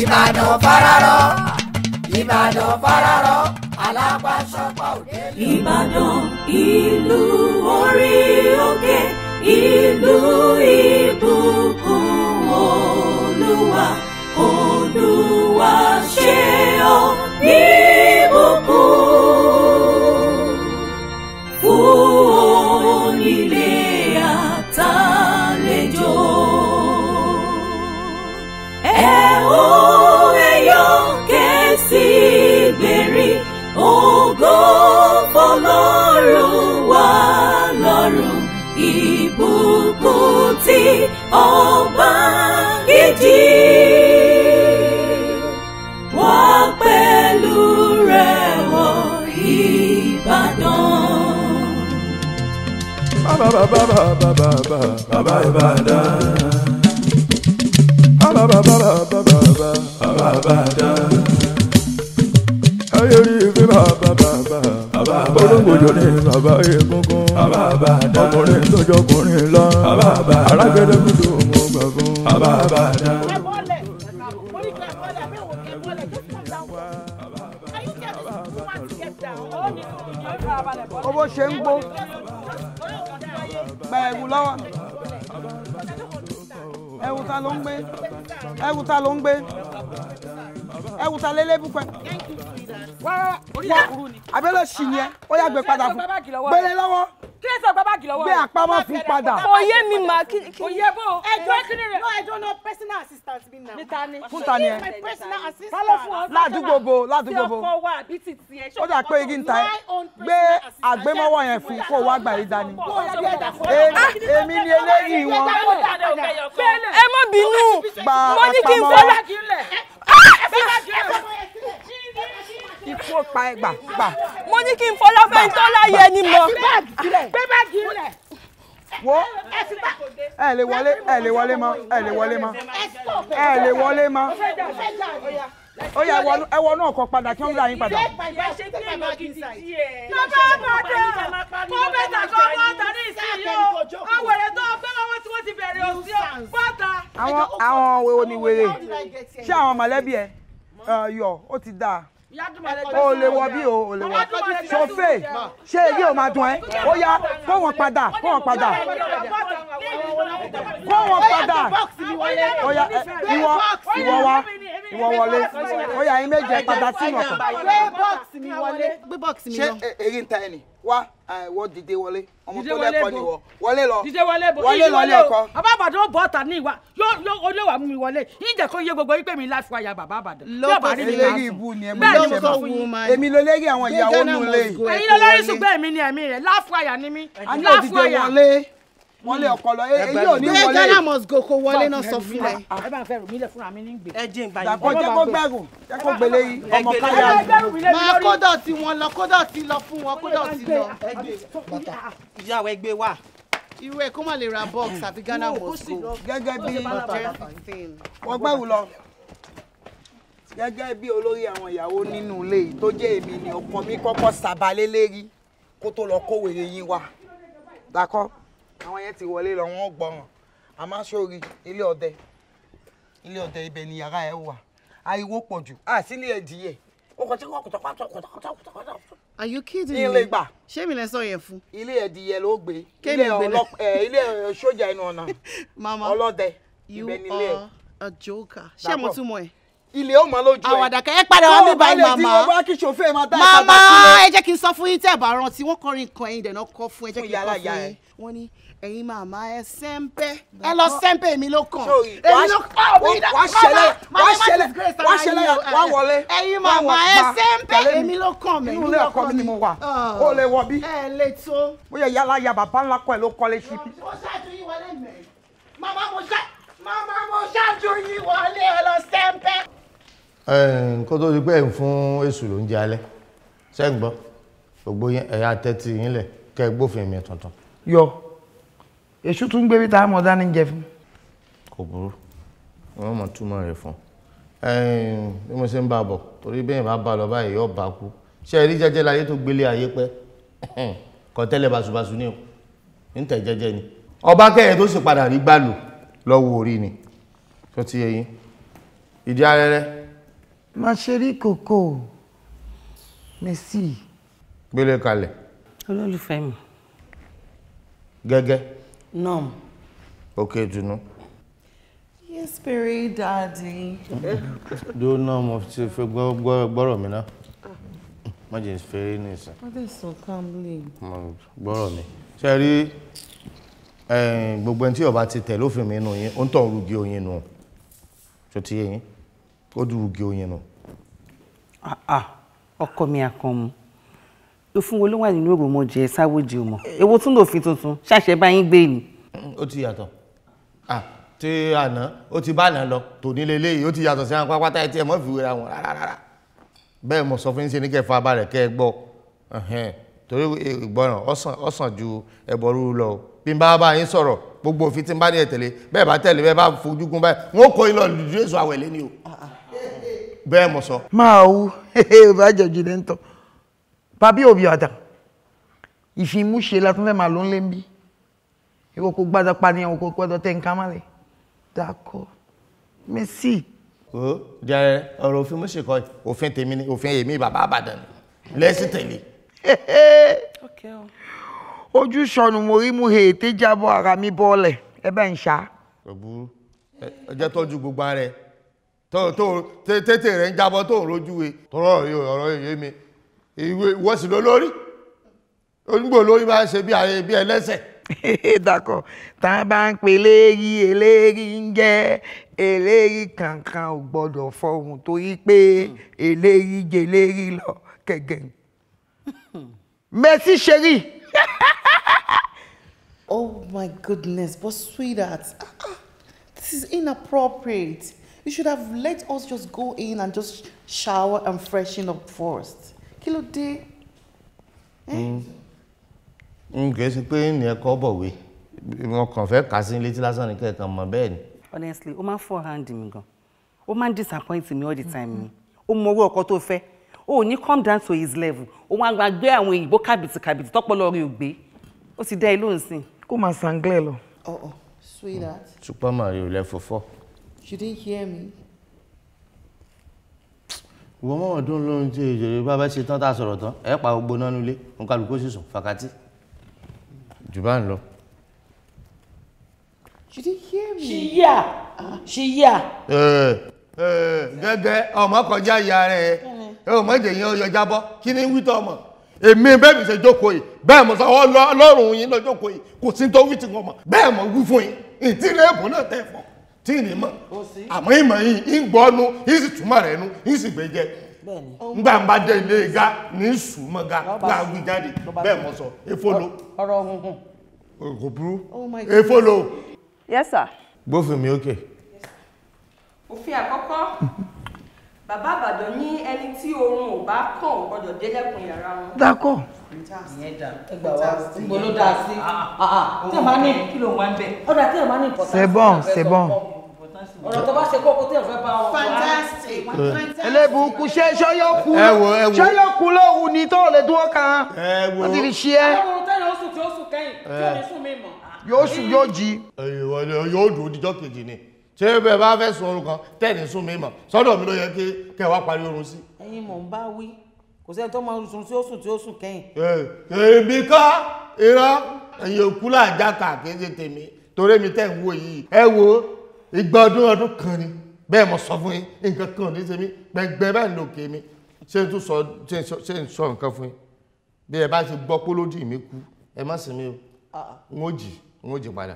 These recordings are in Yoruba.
ìbàdàn fararọ ìbàdàn fararọ alábàṣọpọ̀ òde. ìbàdàn ìlú orí òkè ìlú ìbùkún olúwa olúwa ṣe ọ ní ìbùkún fún onílé àtàwọn. ẹ ó ẹyọ kẹsì ìbéèrè ògo fọ́lọ́run wà lọ́run ìbùkún tí ọba kejì wá pẹ̀lú rẹ̀ wọ Ìbàdàn. Bàbá bàbá bàbá bàbá bàbá Ìbàdàn bàbá bàbá bàbá bàbá bàbá bàdá. ayé rí ife bàbá bàbá bàbá bàdá. olóńgbòjò ní bàbá egungun bàbá bàdá. ọkùnrin tójọ ọkùnrin lọ bàbá bàdá. alágbẹ̀dẹ kúndùn ọmọ gbà fún bàbá bàdá. owó ṣe ń gbó gbẹ̀rù lọ́wọ́ ẹwù ta ló ń gbé ẹwù ta ló ń gbé ẹwù ta lélébùpẹ wá wá wá abẹ́lẹ̀ sì yẹn ó yà gbé padà fún gbélé lọ́wọ́ kílẹ̀ sọ gbá báàgì lọ́wọ́ rẹ̀. gbé àpamọ́ fún padà. òye mi mà kí. òye bò. ẹjọ́ kíni rẹ̀. no ẹjọ́ no personal assistant mi na. níta ni. fúnta ni ẹ. my personal assistant. kálọ̀ fún ọ. ládùúgbò bo ládùúgbò bo. tí ọkọ wa àbí ti tiẹ̀. ó dà pé igi ń ta ẹ. gbé àgbémọ́wọ́ yẹn fún kó wá gbà yí dání. èmi ni eléyìí wọn. ẹ má bínú. gba àpamọ́. mo ní kí n fọ́lá. ẹ fẹ́ bá jù ẹ fọ́ ikú ọ̀pá ẹgbà gbà. mo ní kí n fọlá fẹ́ ń tọ́ láyé ẹni mọ́. gbé báàgì rẹ̀. wo ẹ lè wọlé ẹ lè wọlé mọ́ ẹ lè wọlé mọ́ ẹ lè wọlé mọ́ ó yá ẹ wọnú ọkọ padà kí wọn gbà yín padà. lọ́kọ́ bọ̀dọ̀ kó bẹ́tà kó bọ́ta ní ìsinyìí o àwẹ̀rẹ̀ tó pé wọn tí wọ́n ti bẹ̀rẹ̀ òsì o bọ́ta. àwọn àwọn òwe ni wèrè ṣé àwọn mọ̀lẹ́bí ẹ yọ ó ti dáa o lè wọ bí o o lè wọ sọfẹ ṣé èyí ò máa dùn ẹ ó yá kó wọn padà kó wọn padà kó wọn padà ó yá ìwọ ìwọ wá ìwọ wọlé ó yá yín méje padà sínú ọkọ. gbé bọ́ọ̀sì mi wọlé. ṣé èyí ta ẹni wá wọ́n dìde wọlé ọmọ tó lẹ́kọ̀ọ́ ni wọ́ wọlé lọ wọlé lọ ní ọkọ. bàbá àbàdàn bọ̀ ọ̀tà ní ìwà olówà mú mi wọlé ìjẹ́ kó yé gbogbo yípe mi láti wáyà bàbá àbàdàn. lọ́kọ̀ sí lérí ibu ni ẹ mú mi sọ ma èmi ló lérí àwọn ìyàwó nulẹ̀. èyí ló lórí ṣùgbọ́n èmi ni ẹ̀mí rẹ̀ láfúàyà ni mí láfúàyà. àní òdìdé wọlé wọ́n lé hmm. ọkọ lọ èyí wọlé. bẹ́ẹ̀ Ghana must go kó wọlé náà sọ fún ẹ. Ah. ẹ bá ń fẹ́ rò mílẹ̀ fúnra mi ní gbè. ẹ jẹ́ ìgbà yìí. dàpọ̀ jẹ́ kó gbẹ̀rù jẹ́ gbélé yìí ọmọ káyà. máa kó dọ̀tí wọn lọ kó dọ̀tí lọ fún wọn kó dọ̀tí lọ. ìyàwó ẹgbẹ́ wà. irú ẹ kó má lè ra box àti Ghana must go. gẹ́gẹ́ bí wọ́n gbẹ̀rù lọ gẹ́gẹ́ bí olórí àwọn ìyàwó nínú ilé tó jẹ́ èmi ni ọkọ mi kọ́kọ́ sàbálé lérí kó tó lọ kó yín wá. dàkọ́ àwọn yẹn ti wọlé lọ wọ́n gbọ́ràn àmọ́ sórí ilé ọdẹ ilé ọdẹ ibẹ̀ ni yàrá ẹ wà ariwo pọ̀ jù àsílẹ̀ ẹ̀dìyẹ ọkọ̀ tí kò tọ́pátọ́pátọ́pátọ́. Are you kidding me? ilé gbà. ṣé mi lẹ sọ yẹn fún. ilé ẹ̀dìyẹ ló gbé ilé ọlọ́pàá ilé sójà inú ọ̀nà ọlọ́dẹ ibẹ̀ nílé. you are a joker. ṣé mo tún ẹ ilé ó mọ lójú ẹ. àwàdàkẹ́ ẹ padà wá mi báyìí màmá màmá ẹ jẹ́ kí n sọ fún yín tẹ́ ẹ bá rántí wọ́n kọrin kan ẹ̀yìn dẹ̀nà kọ fún ẹ jẹ́ kí n kọ fún yín wọ́n ní ẹ̀yin màmá ẹ sẹ́ńpẹ́ ẹ lọ sẹ́ńpẹ́ mi ló kàn èmi ló kàn mí dá wá ṣẹlẹ̀ wá ṣẹlẹ̀ wá ṣẹlẹ̀ wá wọlé ẹ̀yin màmá ẹ sẹ́ńpẹ́ èmi ló kàn mí inú ilé ọkọ mi ni mo wà ó lè wọ bí ẹ lè tó ó yẹ yálà ya bàbá ńlá kọ ẹ ló kọ́lé sí bí. mo ṣáàtú yín wọlé mẹ́ màmá mo ṣáàtú yín wọlé ẹ lọ sẹ́ńpẹ́. ẹ nǹkan tó ti pẹ́ ń fún èṣù ló ń jẹ alẹ́ sẹ́ǹgbọ́n gbogbo ẹ̀yà tẹ́tí yín lẹ̀ kẹ́ gbófin mi tuntun. yọ èṣù tún gbé bí tá mọ̀ dání jẹ fún. kò burú wọn mọ túmọ̀ rẹ fún bí mo ṣe ń bá a bọ̀ torí bẹ́ẹ̀ bá bá a lọ báyìí yóò bá a kú ṣé ẹ basubasu ní o ni ọba kẹ́yẹ tó sì padà rí gbàlù lọ́wọ́ ni tó ti yẹ ìdí arẹrẹ. má ṣe rí kòkó gbélé kalẹ̀. olólùfẹ́ mi. Numb. Okay, Juno. Yes, very daddy. Do numb of ti fẹ́ gbọ́rọ̀ mi ná. Má jẹ́ fẹ́rẹ́ ní ìsìn. Wọ́n dẹ̀ sọ calmly. Gbọ́rọ̀ mi. Ṣé rí gbogbo ẹni tí ọba ti tẹ̀ lófin mi nù yín, ó ń tọ̀ rúgi oyin nù. Ṣé ti yé yín? Ó dùn rúgi oyin nù. Ah, ah, ọkọ mi àkànmú òfin wo ló wà nínú òròmọ jẹ sáwọjì ọmọ èwo tún lòfin tuntun ṣàṣẹ báyìí gbé ni. ó ti yàtọ̀ tí àná ó ti bá àná lọ tòní leléyìí ó ti yàtọ̀ sí àwọn pátá ẹtí ẹ̀ mọ́ fi wéra wọn rárá bẹ́ẹ̀ mo sọ fún yín ṣe ní kẹ́ fa balẹ̀ kẹ́ ẹ gbọ́ torí ìgbọràn ọ̀sán ju ẹbọ rúru lọ bí n bá bá yín sọ̀rọ̀ gbogbo òfin tí n bá ní ẹ tẹ̀lé bẹ́ẹ̀ bá tẹ̀lé bẹ́ẹ̀ bá fojú gún báyìí wọn kọ́ ilọ̀ lùdú èso àwẹ̀lé ni o ah, ah. bẹ́ẹ̀ mo sọ. máa wú bá jọ̀jì lẹ́ńtọ́ papi obiada ìfimúṣe la tún fẹ́ máa ló ń lé ń bí ìwọ kò gbádọ́ paniyan ìwọ kò gbádọ́ tẹ́ ń ká má lè dákọ́ mẹ́sì. o jẹ ọ̀rọ̀ òfin mú ṣèkọ òfin tèmi ni òfin èmi bàbá àbàdàn lẹsìn tẹ̀lé. ojú sọnù mo rí mu ètè jábọ̀ ara mi bọ́ọ̀lẹ̀ ẹ bẹ́ẹ̀ ń ṣá. òbúrú ẹ jẹ́ tọ́jú gbogbo ara ẹ tó tó tètè rẹ̀ ń jábọ̀ tó ń rojú we tọ́rọ̀ yìí ọ̀rọ̀ yìí mi ìwé ìwọ́sìn lólórí onígbò lórí bá ń ṣe bí ayé bí ẹlẹ́sẹ̀. dàkọ̀ tá a bá ń pe eléyìí eléyìí ń jẹ́ eléyìí kankan ò gbọ́dọ̀ fọhùn torí pé eléyìí jẹ eléyìí lọ kẹ̀kẹ́. Mercy Sherry. Oh my goodness, but sweetheart, this is inappropriate. You should have let us just go in and just shower and freshen up first kí ló dé. n kì í ṣe pé ní ẹ̀kọ́ bọ̀wé wọn kàn fẹ́ kà sí létí lásán ní kẹ̀kẹ́ mọ̀ bẹ́ẹ̀ ni. honestly ó máa ń fọ́ hand mi gan ó máa ń disappoint me all the time ni ó mọ owó ọkọ tó fẹ́ ó ní come down to his level ó wá gba gbé àwọn òyìnbó kàbìtì kàbìtì tọ́pọ̀lọ́ rẹ̀ ò gbé ó ti dá ẹ lóhùn sí. kó máa sanglẹ̀ lọ. ọ̀ọ́ oh, oh, sweetheart. super mario lẹ́fọ̀fọ́. you didn't hear me ìwọ mọ́mọ́ tó ń lọ ìjọba bá bá ṣe tán tá a sọ̀rọ̀ tán ẹ̀ pa gbogbo náà nulẹ̀ òun kálukú sì sùn fàkàtì. jù ń lọ. she dey hear me. she hear she hear. gẹ́gẹ́ ọmọ kọjá ìyá rẹ̀ ẹ ò mọ̀ jẹ̀yìn ọyọ jábọ́ kí ni wítọ́ ọmọ èmi bẹ́ẹ̀ mi ṣe jókòó yìí bẹ́ẹ̀ mo sọ ọlọ́run yín lọ jókòó yìí kò sí tó wí ti wọn mọ̀ bẹ́ẹ̀ mo wí fún yín ìdílé ẹ̀bùn náà tẹ̀ fún tí ì ní mọ̀ àmọ́ ìmọ̀ yìí ń gbọ́ nu ń sì túmọ̀ rẹ̀ nu ń sì gbé jẹ ngbà ń bá jẹ ilé ga ní sùmọ̀ga gbàgbé jáde bẹ́ẹ̀ mọ̀ sọ efolo ọ̀rọ̀ ohun kò burú efolo. Oh yes sir. gbófin mi ókè. òfin àkọ́kọ́ bàbá àbàdàn ní ẹni tí oorun ò bá kàn ò gbọ́dọ̀ délẹ̀kùn yàrá wọn. dákọ̀ ẹgbà wa ń bolo dáa sí ah, ah, ah, tí ẹ máa ní kí ló wà ń ó ọ̀dà tí ẹ máa ní ìpọ̀tà sí ẹ̀rọ ẹ̀kọ́ ọ̀rọ̀ tó bá ṣe kókó tí ẹ̀ fẹ́ bá wọn. fantastic fantastic. ẹlẹ́bùkún ṣé ṣọ́yọ́kú ṣọ́yọ́kú lóhùn ni tó lè dúró kan wọ́n ti fi ṣí ẹ́. ẹ̀wọ̀n tẹ́lẹ̀ oṣù tí oṣù kẹ́yìn tí ò ní sùn mí mọ̀. yóò sùn yóò jí. yóò dùn di, kejì ni ṣé bẹ́ẹ̀ bá fẹ́ sùn orun kan tẹ́ẹ̀ni sùn mí mọ̀ sọ́dọ̀ mi ló yẹ kí kẹ́ wá parí orun sí. ẹ̀yin mọ̀ ń bá wí kò sẹ́ni tó máa sùn tí ó sùn tí ó sùn kẹ́yìn. èmi kọ́ irọ́ ẹ̀yin òkú làjá kà kí n ṣe tèmi torí mi tẹ̀ ń wò yìí ẹ wo ìgbà ọdún ọdún kan ni bẹ́ẹ̀ mo sọ fún yín nǹkan kan ní ṣe mí gbẹ̀ngbẹ̀ báyìí lòkè mi ṣé n tún sọ ṣé n sọ nǹkan fún yín bí ẹ bá ti gbọ́ pé lódì mi kú ẹ má sìn mí o n ó jì n ó jì padà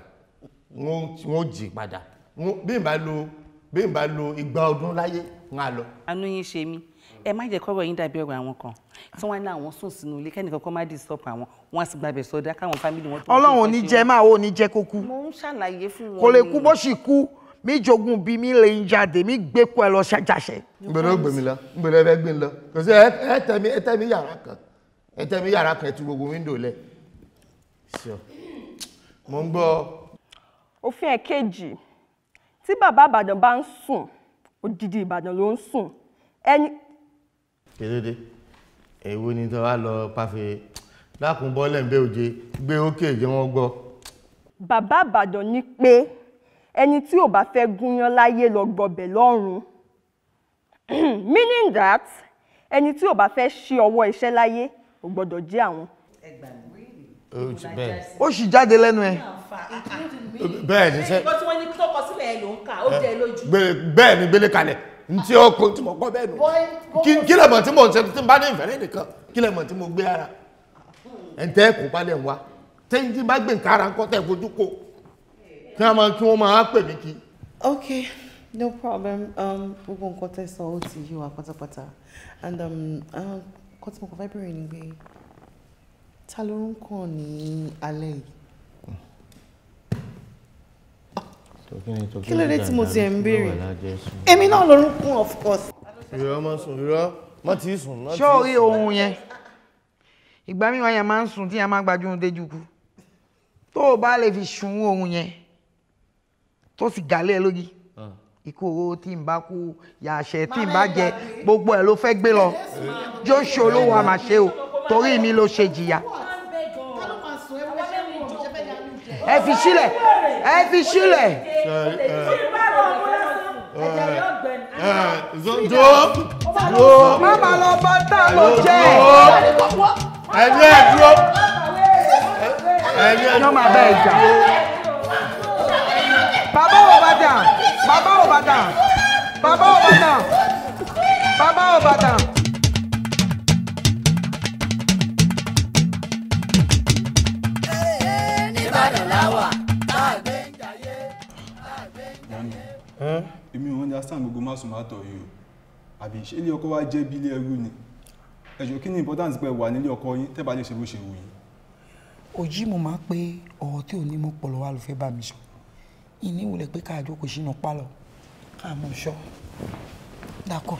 n ó jì padà bí n bá lo bí n bá lo ìgbà ọdún láyé n á lọ. àánú yín ṣe mí ẹ má jẹ́ kọ́rọ̀ yín dàbí ọ̀rọ̀ àwọn kan tí wọ́n ní àwọn sùn sínú ilé kẹ́nìkan kọ́ má disturb àwọn wọ́n sì gbàbẹ̀ sọdá káwọn fámìlì wọn tó. ọlọ́run ò ní jẹ́ máa ò ní jẹ́ kó kú. kò lè kú bó ṣì kú mi jogun bi mi le ń jáde mi gbé kú ẹ e lọ ṣàjàṣẹ. nbẹ̀rẹ̀ ó gbé mi lọ nbẹ̀rẹ̀ fẹ́ gbé mi lọ kò sí ẹ e, e tẹ mi ẹ tẹ mi yàrá kan ẹ tẹ mi yàrá kan ẹ tú gbogbo wíńdò lẹ̀. mo ń gbọ́. òfin ẹ̀kejì tí bàbá Ìbàdàn bá ń sùn odidi Ìbàdàn ló ń sùn ẹni. kéréde èwo ni tí wàá lọ pàfẹ́ lákùnbọ́lẹ̀ ń bẹ́ òjé gbé ókè jẹ́ wọ́n gbọ́. bàbá Ìbàdàn ní pé ẹni tí ò bá fẹ́ gúnyán láyé lọ gbọbẹ̀ lọ́run meaning that ẹni tí ò bá fẹ́ ṣí ọwọ́ iṣẹ́ láyé ò gbọ́dọ̀ jẹ́ àwọn. ẹ gbà mí ó sì jáde lẹ́nu ẹ. bẹ́ẹ̀ ni sẹ́. bọ́tí wọ́n ní tọkọ sílẹ̀ ẹ ló ń kà ó jẹ́ lójú. Eh, bẹ́ẹ̀ ni gbélé kalẹ̀ ntí ọkọ tí mo kọ́ bẹ́ẹ̀ nù. kí lẹ̀ mọ̀ tí mo ń ṣe tí n bá ní ìfẹ́lẹ́ nìkan kí lẹ̀ mọ̀ tí mo gbé ara. ẹ̀ǹtẹ́ kò balẹ̀ wá tẹ́yìn tí n bá gbé nǹkan ara ń kọ́ tẹ̀ fojú kó tí wọ́n máa tí wọ́n máa pè mí kí. ok no problem um, gbogbo nǹkan tẹ́ sọ ó ti yí wa pátápátá and um, um, nǹkan tí mo kàn fẹ́ bẹ̀rẹ̀ ni pé ta ló ń kàn ní alẹ́ yìí. kí ló dé tí mo ti ẹ̀ ń béèrè èmi náà lórúkún of course. ìrọ̀ máa sùn ìrọ̀ má ti sùn. ṣé o rí ohun yẹn ìgbà mi wáyà máa ń sùn tí a máa gbájú ohun déjú kú tó o bá lè fi sun ohun yẹn tó sì gálẹ̀ lórí ikú owó tí n bá kú ya àṣẹ tí n bá jẹ gbogbo ẹ̀ ló fẹ́ gbé lọ Joshua olówó àmàṣe o torí mi ló ṣe jìyà ẹ fi sílẹ̀ ẹ fi sílẹ̀. dúró dúró máma lọ bá tá a lọ jẹ ẹ̀yin ẹ dúró ẹ̀yin ẹ dúró. Baba Obadan. Baba Obadan. Baba Obadan. Baba Obadan. Ìbàdàn láwà. Èmi ò understand gbogbo másùmátọ̀ yìí o. Àbí ṣé ilé ọkọ wa jẹ́ bí ilé ẹrú ni? Ẹ̀jọ̀ kí ni importance pé wà nílé ọkọ yín tẹ́ bá lè ṣe bó ṣe wù yín? Òjì mo máa ń pé ọ̀rọ̀ tí ò ní mú pọ̀lọ́ wa ló fẹ́ bá mi sọ ìní ìwòlẹ̀ pé káàjọ kò sínú pálọ̀ káàmú ṣọ́ dàkọ̀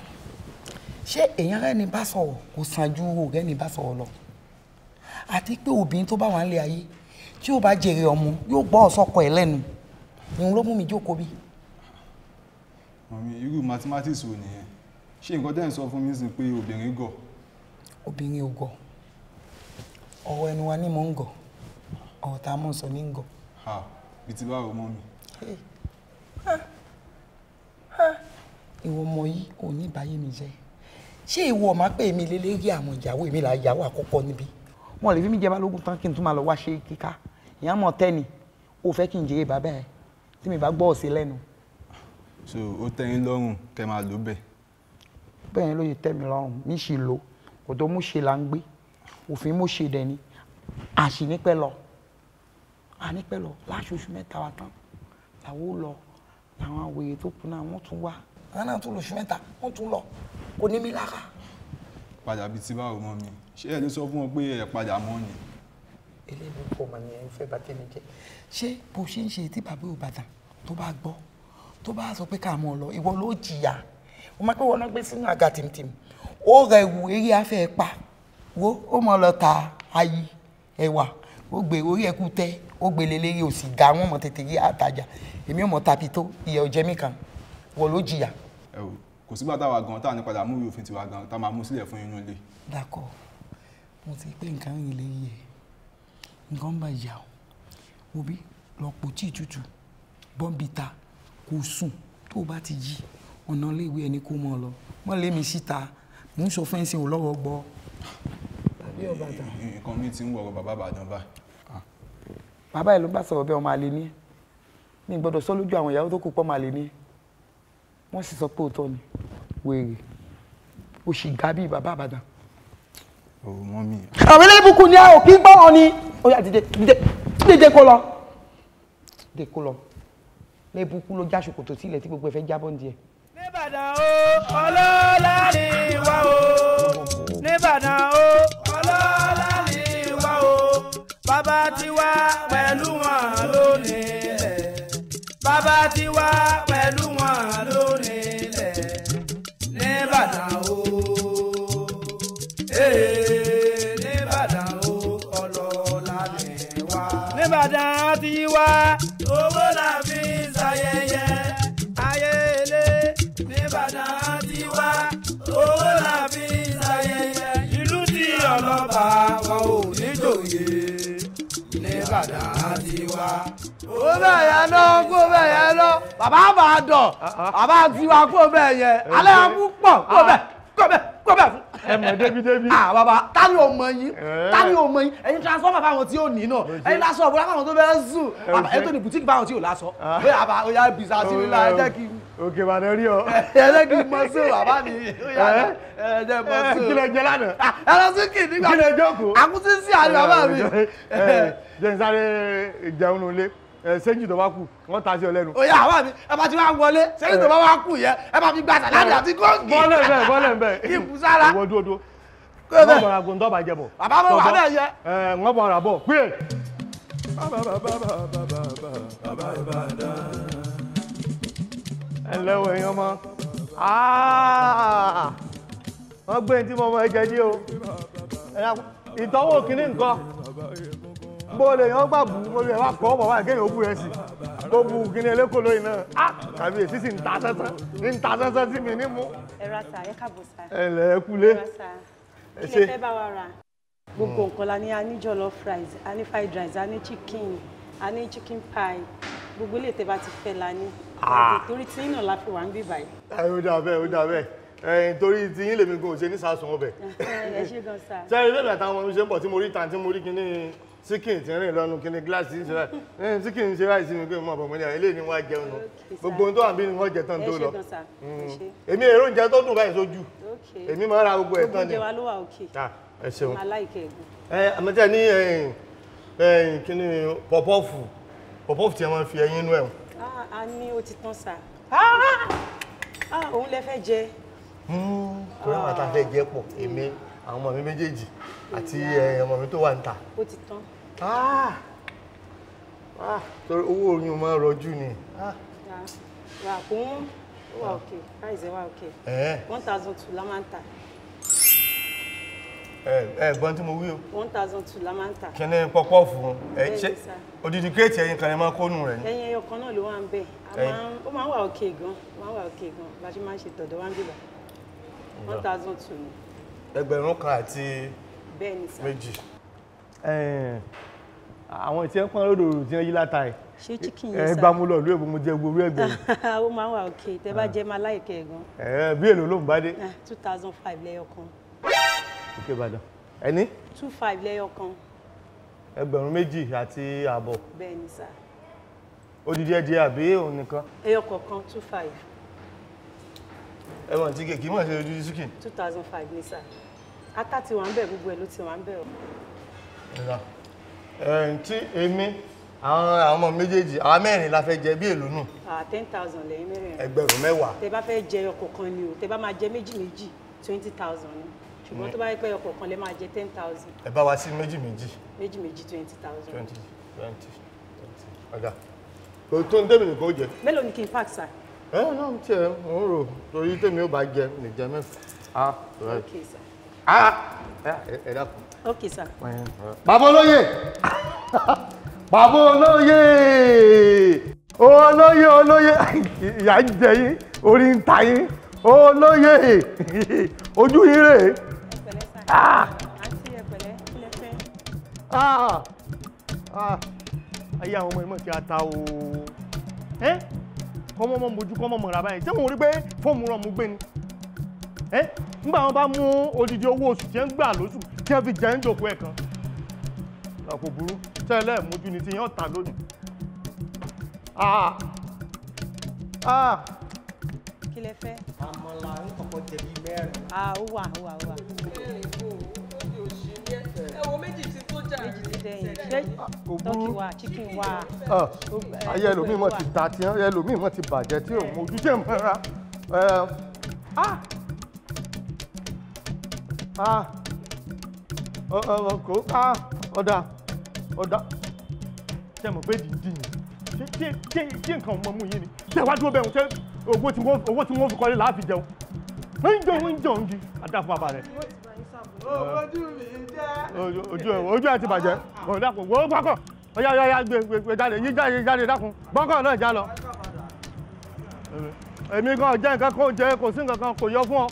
ṣé èèyàn rẹ́ni bá sọ̀rọ̀ kò sàn ju òrẹ́ni bá sọ̀rọ̀ lọ àti pé obìnrin tó bá wà nílé ayé tí ó bá jèrè ọmọ yóò gbọ́ ọ̀sọ́kọ ẹ̀ lẹ́nu ìhun ló mú mi jókòó bí. mọ̀mí irú mathematics wo nìyẹn ṣé nǹkan tẹ́ ń sọ fún mi sí pé obìnrin gọ̀. obìnrin ò gọ̀ ọ̀rọ̀ ẹnu wa ni mò ń gọ̀ ọ̀rọ̀ tá a sọ ní ń gọ̀. ha bìtìbá ò mọ́ mi ìwọ ọmọ yìí ò ní ìbáyé mi jẹ ṣé ìwọ ọmọ pé èmi lélẹ́yìí àwọn ìyàwó èmi là ìyàwó àkọ́kọ́ níbí wọn lè fi mí jẹ balógun tán kí n tún máa lọ wá ṣe kíká ìyá mọ̀ tẹ́ni ó fẹ́ kí n jẹ́ bàbá ẹ̀ tí mi bá gbọ́ ọ̀sẹ̀ lẹ́nu. so ó tẹ́ yín lọ́rùn kẹ́ máa lò bẹ́ẹ̀. bẹ́ẹ̀ ló yẹ tẹ́ mi lọ́rùn mi sì lò ọ̀dọ́ mú ṣe là ń gbé òfin mú ṣe dẹ̀ àṣì nípẹ́ lọ ànípẹ́ lọ láṣoṣù mẹ́ta wa tán làwọn ò lọ làwọn àwòye tó kù náà wọ́n tún wá àwọn náà tún lóṣù mẹ́ta wọ́n tún lọ kò ní mí lára. padà bíi ti báwo mọ mi ṣé ẹ lè sọ fún wọn pé ẹ padà mọ ni. eléyìí pọ̀ mà ní ẹ ń fẹ́ bá tẹ́mi jẹ́ ṣé bó ṣe ń ṣe tí bàbá òbàdàn tó bá gbọ́ tó bá sọ pé ká mọ̀ lọ ìwọ ló jìyà o máa pé wọn náà gbé sínú àga tìmtìm ó rẹ ìwò eré afẹ́ pa wo ó mọ lọ ta ayi ẹ̀wà ó gbé orí ẹ̀kú tẹ́ ó gbélé lérí òsì ga wọn mọ tètè rí àtàjà èmi ò mọ tàbí tó ìyẹ ọjẹ mi kan wọ ló jìyà. ẹ o kò sígbà táwa gan táwa ní padà mú ìwé òfin tiwa gan tá máa mú sílẹ̀ fún inú ilé. dàkọ mo ti pé nǹkan rìn lérí ẹ nǹkan bá yà ó òbí lọ́pọ̀ tí tútù bọ́ǹbìta kò sùn tó bá ti jí ọ̀nà iléèwé ẹni kó mọ̀ lọ mọ̀ lémi síta mò ń sọ fẹ́ǹsì ò lọ́wọ́ gbọ́. nǹkan mi ti ń wọ̀rọ̀ bàbá àbàdàn báyìí bàbá ẹ̀ ló bá sọ̀rọ̀ bẹ́ẹ̀ ọmọ àlè ní mi gbọ́dọ̀ sọ lójú àwọn ìyàwó tó kù pọ̀ ọmọ àlè ní wọ́n sì sọ pé òótọ́ ni wèrè o sì ga bíi bàbá àbàdàn. àwọn ilé ibùkún ni a ò gbọ́ wọn ni ó yá dìde dìde dìde kó lọ dìde kó lọ lẹ́bùkún ló já ṣòkòtò sílẹ̀ tí gbogbo ẹ̀ fẹ́ ní ẹ̀. nìbàdàn o ọlọ́lá ni wá o nìbàdàn o bàbá tiwa pẹ̀lú wọn lónìí lẹ̀ bàbá tiwa pẹ̀lú wọn lónìí lẹ̀ nìbàdàn o nìbàdàn o ọlọ́ọ̀lá lẹ̀ wá. nìbàdàn tiwa owó la fi ṣayẹyẹ. bàdà ti wá. kó bẹ́ẹ̀ yẹn lọ kó bẹ́ẹ̀ yẹn lọ bàbá bàdàn bàbá tiwa kó bẹ́ẹ̀ yẹn alẹ́ àbúpọ̀ kó bẹ́ẹ̀ kó bẹ́ẹ̀ kó bẹ́ẹ̀ ẹ mọ̀ débi-débi. ah baba, ta ni ò mọ̀ yín ta ni ò mọ̀ yín ẹ̀yin transformer fáwọn tí ò ní náà ẹ̀yin lásán ọ̀bùrọ̀ fáwọn tó fẹ́ẹ́ sùn ẹ̀yin tó ní bùtíkì fáwọn tí ò lásán ah. bóyá àbá oyà bìsà sí nílá ẹ jẹ́ kí n. òkè bàdàn rí ọ. ẹ jẹ́ kí n mọ sí bàbá mi ẹ jẹ́ mọ sí. kí lè jẹ lánàá. Ah, ẹ lọ sí kì nígbà tí àkútí sí àlè bàbá mi. jẹ́ n sáré jẹun nulẹ̀ sẹ́yìn eh, tó bá kù wọ́n ta sí ọ lẹ́nu. òye àwa mi ẹ bá ti wá wọlé sẹ́yìn tó bá wá kù yẹ ẹ bá fi gba sàládì àti góńgì. bọ́lẹ̀ bẹ́ẹ̀ bọ́lẹ̀ bẹ́ẹ̀ ìbùsára. ìwọ dúró dúró wọ́n bọ̀ra gùn dọ́ba jẹ bọ̀. bàbá mo wà bẹ́ẹ̀ yẹ. Eh, ẹ wọ́n bọ̀ pé. ẹ lẹ́wọ̀ èèyàn mọ́ ah! wọ́n gbé ní tí mo mọ ẹ jẹ́ dí o ìtọ́wò kìíní bóòlù èèyàn gbà bù orí ẹ̀ wá kọ́ bàbá ẹ̀ kéèyàn ó yẹn sí tó bu kíní eléko lóyìn náà á kàbíyèsí sì ń ta sẹ́sẹ́ ń ta sẹ́sẹ́ sí mi nímú. ẹ ra sa ẹ sa. ẹ ẹ kúlé. ẹ ṣe ilé fẹ́ bá wa ra gbogbo nǹkan la ní a ní jollof rice a ní fried rice a ní chicken a ní chicken pie gbogbo ilé tẹ́ ti fẹ́ la ní. Ah. torí tí yín náà la fi wà ń bí báyìí. ó dà bẹ́ẹ̀ ó dà bẹ́ẹ̀ ẹ̀yìn torí ti yín lèmi gan ò ṣe ní sàásùn ọbẹ̀. ẹ ṣe gan sa. sẹ́yìn lẹ́gbẹ̀ẹ́ àtàwọn ọmọ mi ṣe ń bọ̀ tí mo rí tàǹtí mo rí kinní síkìn tí ń rìn lọ́nu kí ni gíláàsì ń ṣe báyìí síkìn ń ṣe báyìí sí mi pé mo bọ̀ mọ́ ní àwọn eléyìí ni wọ́n á jẹun nù gbogbo ohun tó wà bí ni wọ́n jẹ tán tó lọ mm. èmi èrò ń jẹ tó dùn báyìí sójú èmi máa ra gbogbo ẹ̀ tán ni ah, ẹ ṣeun àmọ́tí ẹ ní kí ni pọ̀pọ́ọ̀fù pọ̀pọ́ọ̀fù tí a máa fi ẹyin inú ẹ̀ ah, a ní ó ti tán sà ah, òun lẹ fẹ́ jẹ kó hmm, láwọn àtàfẹ́ jẹ pọ̀ èmi àwọn ọmọ mi méjèèjì àti ọmọ mi tó wà níta. ó ti tán. Ah! Ah! torí owó orin máa ń rọjú ni. Ah! wà á kún wà òkè price wà òkè one thousand two la máa ń tà. ẹ ẹ gbọ́n tí mo wí o. one thousand two la máa ń tà. kíni pọ́pọ́ fún ẹ ṣe odidi kírètì ẹyin kan ẹ máa kónú rẹ ni. ẹyin ẹyọ kan náà ló wà ń bẹ ó máa ń wà òkè gan máa ń wà òkè gan bá a ṣe máa ń ṣe tọ̀dọ̀ wá ń bíbà one thousand two ni. ẹgbẹ̀rún kan àti bẹ́ẹ̀ ni sá. méjì àwọn ìtí ẹ̀pọ̀n ròdòrò tí wọ́n yí láta ẹ̀ ṣé chicken yìí sá ẹ bá mú lọ ìlú èbó mo jẹ gbogbo ẹgbẹ̀rún. ó máa ń wà òkè tẹ bá ah. jẹ máa láìkẹ ẹ̀gbọ́n. ẹ bí èlò ló ń bá dé. Ah, two thousand five lẹ́yọ kan. òkè ìbàdàn ẹni. two five lẹ́yọ kan. ẹgbẹ̀rún méjì àti ààbọ̀. bẹ́ẹ̀ ni sá. odidi ẹ di àbí òun nìkan. ẹyọ kọ̀ọ̀kan two five. ẹ mọ̀ tí kèké mọ̀ ṣe ojú chicken. two thousand five ni sá ata ti wà ń bẹ̀ gbogbo ẹ̀ ló ti wà ń bẹ̀ o. tí èmi àwọn ọmọ méjèèjì àwọn mẹ́rin la fẹ́ jẹ bí èlò nù. ten thousand lẹ́yìn mẹ́rin. ẹgbẹ̀rún mẹ́wàá. tẹ bá fẹ́ jẹ ọkọ̀ kan ni o tẹ bá máa jẹ méjì méjì twenty thousand ni ṣùgbọ́n tó bá yẹ pé ọkọ̀ kan lẹ máa jẹ ten thousand. ẹ bá wa sí méjì méjì. méjì méjì twenty thousand. twenty twenty twenty ọ̀gá kò tó ń tẹ́mi nìkan ó jẹ. mélòó ni kí n pàṣà. ẹ náà tiẹ̀ ń rò torí tẹ́mi ó bá jẹ lè mẹ́fà. ah right. okay sir. Ah. Ah, ẹ dákun. ok sir. bàbá olóyè bàbá olóyè olóyè olóyè ìyá ń jẹ yín orí ń ta yín olóyè ojú yín rèé. Ah. ayé àwọn ọmọ ìmọ̀ tí a ta o kọ́mọ́mọ́ mojú kọ́mọ́mọ́ ra báyìí tí mo rí pé fọ́ọ̀mù rọ̀ mú gbé ni ẹ́ nígbà wọn bá mú odidi owó oṣù tí ẹ ń gbà lóṣù kí ẹ fi jẹ́ ń jòkó ẹ̀ kan kò burú tẹ́lẹ̀ mojú ni ti yàn ta lónìí. Ah. Ah. kí lẹ fẹ́. àmàlà ń kọ̀kọ́ jẹ̀bi mẹ́rin. ó wà ó wà ó wà. ẹ̀wọ̀ méjì ti tó jà. méjì ti dẹ̀yìn chicken wà. Ah, ayé ẹlòmíì mọ̀ ti ta tiẹ́ ẹlòmíì mọ̀ ti bàjẹ́ tí òun mojú jẹ́ mọ́ra a ah. ọ ọ kò a ah, ọ̀dà ọ̀dà tẹ mọ̀ pé dìndín yìí ṣé ṣé nǹkan ọmọ mú yín ni ṣé wàá dúró bẹ́ẹ̀ ṣé owó tí wọ́n owó tí wọ́n fi kọ́lé làá fi jẹun ń jẹun ń jẹun gi adáfún bàbá rẹ̀. ojú mi jẹ́. ojú ojú ẹ ti bàjẹ́ òun ah. dàpọ̀ wò ó gbọ́kọ̀ ọ̀yá ọ̀yá ọ̀yá gbé gbé jáde yín jáde jáde dákun gbọ́kọ̀ náà já lọ. èmi gan jẹ́ nǹkan kó jẹ́ kò sí nǹkan kan kò yọ fún ọ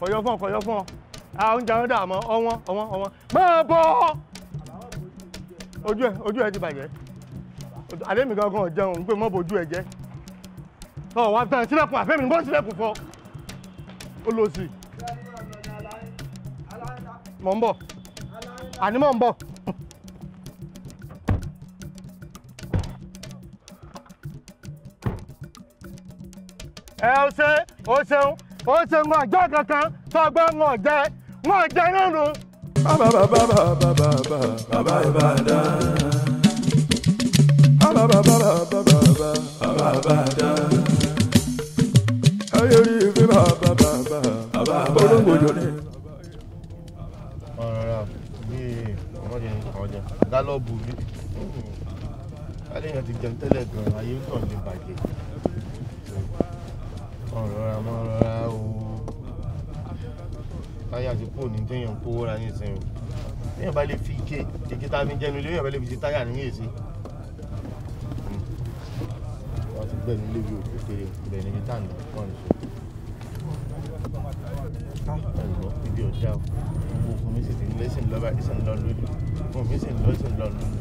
kọ̀yọ́ fún ọ kọ̀yọ́ fún ọ oúnjẹ ọ̀dà àmọ́ ọwọ́n ọwọ́n ọwọ́n máa bọ̀ ojú ẹ ojú ẹ ti bàjẹ́ àlémi gangan jẹun ń pè mọ́ bojú ẹ jẹ́ tọ́ wa tán sílẹ̀kùn àfẹ́mi bọ́ sílẹ̀kùn fọ́ ó lọ sí mọ̀ ń bọ̀ àní mọ̀ ń bọ̀. ẹ ọ ṣe ó ṣeun ó ṣe wọn ọjọ́ kankan tọgbọ́ wọn jẹ wọn jẹ nínú. bàbá bàbá bàbá bàbá bàbá Ìbàdàn. bàbá bàbá bàbá bàbá bàbá Ìbàdàn. ayé rí ife bàbá bàbá bàbá olóńgbò jọ ni. ọ̀rọ̀ bíi ọmọdé ọjà gálọ́ọ̀bù mi. aléyàn ti jẹun tẹ́lẹ̀ gan-an ayé ń tàn ní bàjẹ́ ọ̀rọ̀ra mọ́ rárá o táyà ti kúrò ní téèyàn kówó ra nísìnyí o téèyàn bá lè fi ike ike tá a fi jẹnu ilé èèyàn bá lè fi ti táyà nínú èsì hmm. wọ́n ti gbẹ̀mí lébi òkú kéré ibẹ̀ níbi tá à ń ní sọ. ibi ọjà o mi sì ti ń lé sí ń lọ báyìí sí lọ lórí gbogbo mi sì ń lọ sí ń lọ lórí.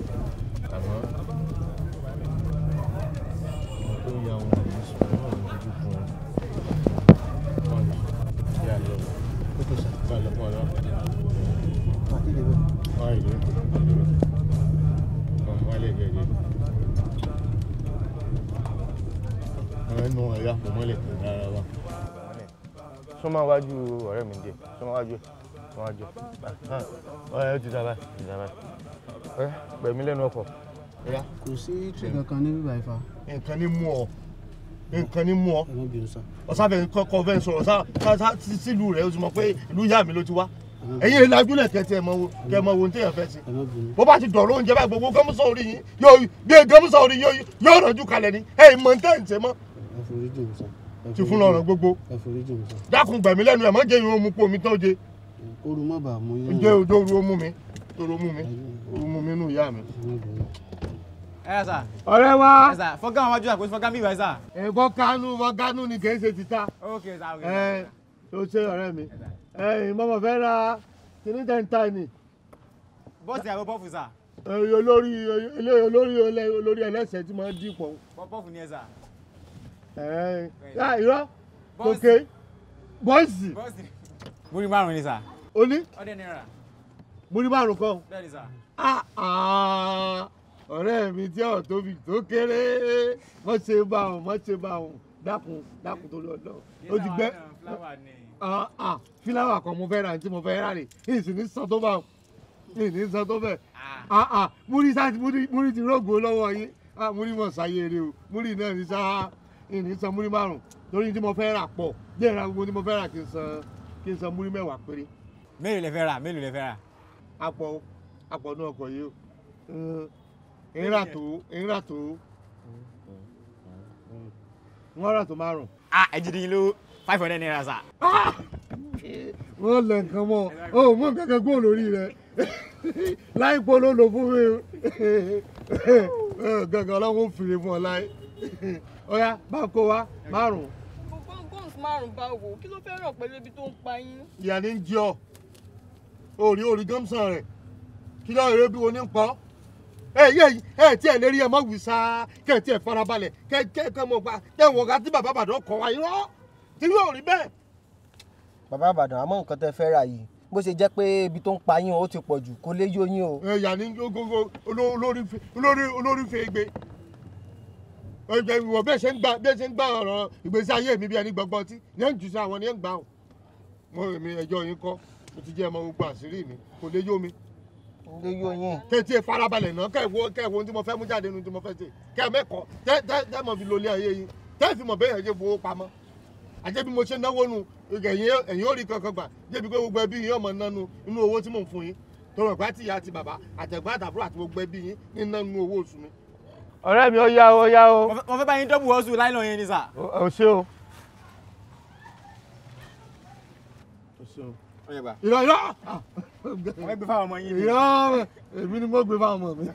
súnmọ́ wájú ọ̀rẹ́ mi díẹ̀ súnmọ́ wájú súnmọ́ wájú ọ̀rẹ́ ti dàbà ti dàbà ọ̀rẹ́ pẹ̀mí lẹ́nu ọkọ̀. kò sí tree kankan ní bíbá ifá. nǹkan ní mú ọ nǹkan ní mú ọ ọ̀sáfẹ́ kọ́ fẹ́ sọ̀rọ̀ sá sílùú rẹ̀ o ti mọ̀ pé ìlú ìyá mi ló ti wá ẹ̀yin ìlàjúlẹ kẹtì ẹ mọ wo kẹ mọ wo ní téèyàn fẹ́ ṣe bó bá ti dọ̀rọ̀ oúnjẹ báyìí gbogbo gọmúsọ orí yín yóò gbé gọmúsọ orí yín yóò rànjú kalẹ̀ ni ẹ mọ ní tẹ̀ ń ti fún lọ́rọ̀ gbogbo dákun gbẹ̀mí lẹ́nu ẹ̀ má jẹ́ irun omi pò mí tán jẹ oru má bàa mú yín. ǹjẹ́ ojú oru ó mú mi toru mú mi oru mú mi nù ìyá mi. ẹ sà. ọ̀rẹ́ wa. ẹ sà fọ́gá wọn wájú àkóso fọ́gá mi ìwà ẹ sà. ẹ bọ́kánú bọ́kánú ni kì í ṣe títa. ok sà ok. ẹ tó ṣe ọ̀rẹ́ mi ẹ ìmọ̀mọ̀ fẹ́ ra kìnní tẹ̀ǹtà ni. bọ́ọ̀sì àbọ̀ bọ́ọ̀fù sà. olórí olórí olórí ẹlẹ́sẹ̀ tí mo dín pọ̀. bọ́ọ̀fù ni ẹ sà irọ́ kòkè bọ́ọ̀sì. múrí márùn ni sà. o ní. ọdẹ náírà. múrí márùn kan. bẹ́ẹ̀ni sà. Ah, ah. ọ̀rẹ́ mi tí ọ̀ tóbi tó kéré mọ̀ ṣe bá òun mọ̀ ṣe bá òun dákun dákun tó lọ lọ o ti gbẹ fúláwà ah, kan mo fẹ́ ra tí mo fẹ́ rà rè èsì ní sọ tó bá o èsì ní sọ tó bẹ̀ múrí sáà múrí ti rògbò lọ́wọ́ yín múrí mọ̀ sáyé rè o múrí náà ní sáà ìní san múrí márùn torí tí mo fẹ́ rà pọ̀ díẹ̀ ra gbogbo tí mo fẹ́ rà kí n san kí n san múrí mẹ́wàá péré. mélòó lẹ fẹ́ rà mélòó lẹ fẹ́ rà. apọ̀ apọ̀ náà ọkọ̀ yìí o ń rà tó ń rà tó wọ́n rà tó márùn. a ẹ̀jìdì yìí ló five hundred naira sa. wọ́n lẹ̀ nǹkan mọ́ ọ mú nǹkan gbọ́ lórí rẹ̀ láìpẹ́ ló fún mi gàgà ọlọ́run ó fún ọ láì ọ̀yá bá kó wa márùn. gons márùn bá wò kí ló fẹ́ràn pẹ̀lú ibi tó ń pa yín. ìyá ni ń jí ọ òòrí òòrí gọ́msán rẹ̀ kí lọ́ọ́ eré bí wọn ní ń pọ́ ẹyẹ ẹ tí ẹ lérí ẹ mọ wùsà kẹ tí ẹ farabalẹ̀ kẹ kẹ kẹ mọ gba kẹ wọn ga tí bàbá àbàdàn kọ wa irọ́ tí yóò rí bẹ́ẹ̀. bàbá àbàdàn àmọ́ nǹkan tẹ́ fẹ́ rà yìí bó ṣe jẹ́ pé ibi tó ń pa yín ó ti pọ̀ jù kó lé yóò yín o. ẹyà ni olórí olórí olórí fèégbé ìwọ bẹ́ẹ̀ ṣe ń gba bẹ́ẹ̀ ṣe ń gba ọ̀rọ̀ ìgbésí ayé mi bí ẹni gbọ́gbọ́ tí ní ẹ̀ ń jù sí àwọn ní ẹ̀ ń gbà ọ̀ mo rè mi ẹjọ́ yín kọ́ mo ti jẹ́ ọmọ gbogbo àṣírí mi kò lè yó mi. lè yó yín. kẹ́tí ẹ farabalẹ̀ náà kẹ́ẹ̀wó kẹ́ẹ̀wó tí mo fẹ́ mú jáde nu tí mo fẹ́ ṣe kẹ́ẹ̀mẹ́kọ̀ọ́ tẹ́ẹ̀ mọ̀ fi lólé ayé yín tẹ́ẹ̀ fi mọ̀ bẹ́ẹ̀ yẹn fowó pamọ́ àti bí mo ṣe náwó nu ẹ̀yìn ó rí kankan gbà débi pé gbogbo ẹbí yín ọmọ nánu inú owó tí mò ń fún yín tọrọ ìgbà tí ìyá àti bàbá àtẹ̀gbọ́n àtàbúrò àti gbogbo ẹbí yín ní nánu owó oṣù mi ọ̀rẹ́ mi ó yá o yá o. mo fẹ́ bá yín dọ́bù ọ̀sùn láìlọ yẹn ni sà. o ṣe o. irọ́ irọ́. wọ́n gbé fáwọn ọmọ yín ni. irọ́ èmi ni mo gbé fáwọn ọmọ mi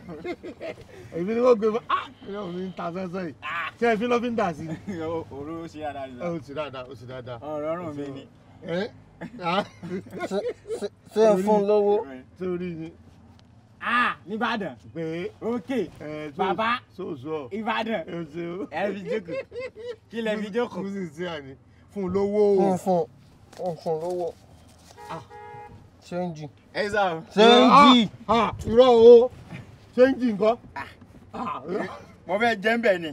èmi ni mo gbé fáwọn ah irọ́ mi ń ta sẹ́sẹ́ yìí ah! ṣé ẹ fi lọ́ fi ń dà sí. òru ó ṣe dáadáa ni. ó ṣe dáadáa ó ṣe dáadáa. ọ̀rọ̀ ọ̀rùn mi ni. Ah! ṣé ń fún lówó. torí ni nìbàdàn pé ókè bàbá ìbàdàn ẹ fi jókòó kí lẹ fi jókòó. fún lówó. fún fún fún lówó. ṣéǹjì. Ah, ẹ sá ṣéǹjì. Ah, ah, irọ́ o ṣéǹjì nǹkan. mo fẹ́ jẹ́ ń bẹ̀ ni.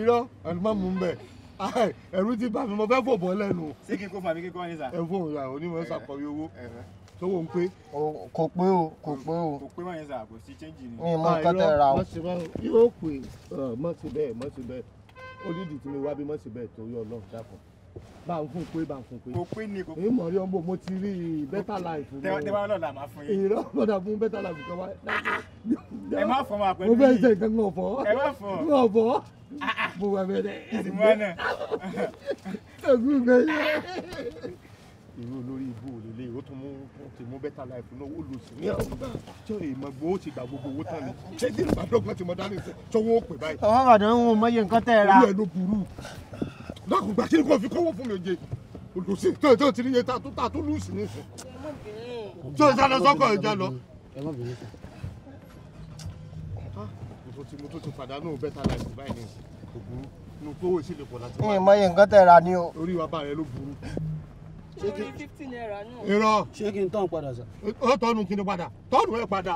irọ́ ẹnu má mú un bẹ̀ ẹ̀rù ti bà mí mo fẹ́ fò bọ́ lẹ́nu. sí kíkó fàmí kíkó ní sà. ẹ fóun ra onímọ̀ sàkọ̀wé owó tó wò pé. kò pé o kò pé o. kò pé wọ́n sà kò sí change ni. mi mọ nǹkan tẹ ra o. Ah, yóò pè mọ́tì bẹ́ẹ̀ mọ́tì bẹ́ẹ̀ ó dídì tí mi wá bí mọ́tì bẹ́ẹ̀ torí ọlọ́run dákun bá ń fún pé bá ń fún pé. kò pé ni kò pé. èèmọ̀ rí ọmọ mo ti rí better life. tẹ bá lọ́la máa fún yín. ìrọ̀ gbọ́dọ̀ fún better life kan wá. ẹ má fọ máa pẹ́ bí. mo fẹ́ ṣe nǹkan kan fọ́. ẹ má fọ. n ò mo wà bẹ́ẹ̀ dẹ́. ìsìnkú náà. ẹ̀gbọ́n mi. ìrú ti mú bẹ́tà láìfù náà ó lò sí ní àwùjọ tí èèmọ̀ gbowó ti gbà gbogbo owó tán ni ṣé tí ìgbà dọ́gbọ́n ti mọ dání sẹ́ tí wọ́n ó pè báyìí. ọwọ́ ọ̀dọ̀ ń wo mọ́yé nǹkan tẹ́ ẹ ra. orí ẹ ló burú dákun gbà kí ni kò fi kọ́wọ́ fún mi oje olùsí tó tó ti níye tó tà tó lùsì ní sùn. tí o sálọ sọkọ ìjà lọ. Ah, mo tó ti pàdánù bẹ́tà láìfù báyìí ní ìgbòho inú kówó ìsìlẹ̀ pọ̀ láti. ìmọ̀ yẹn nǹkan tẹ̀ ra ni o. orí wa bá rẹ ló burú ṣé kí fifteen naira náà. irọ́ ṣé kí n tán padà sá. ó tọ́nu kí ni padà tọ́nu ẹ̀ padà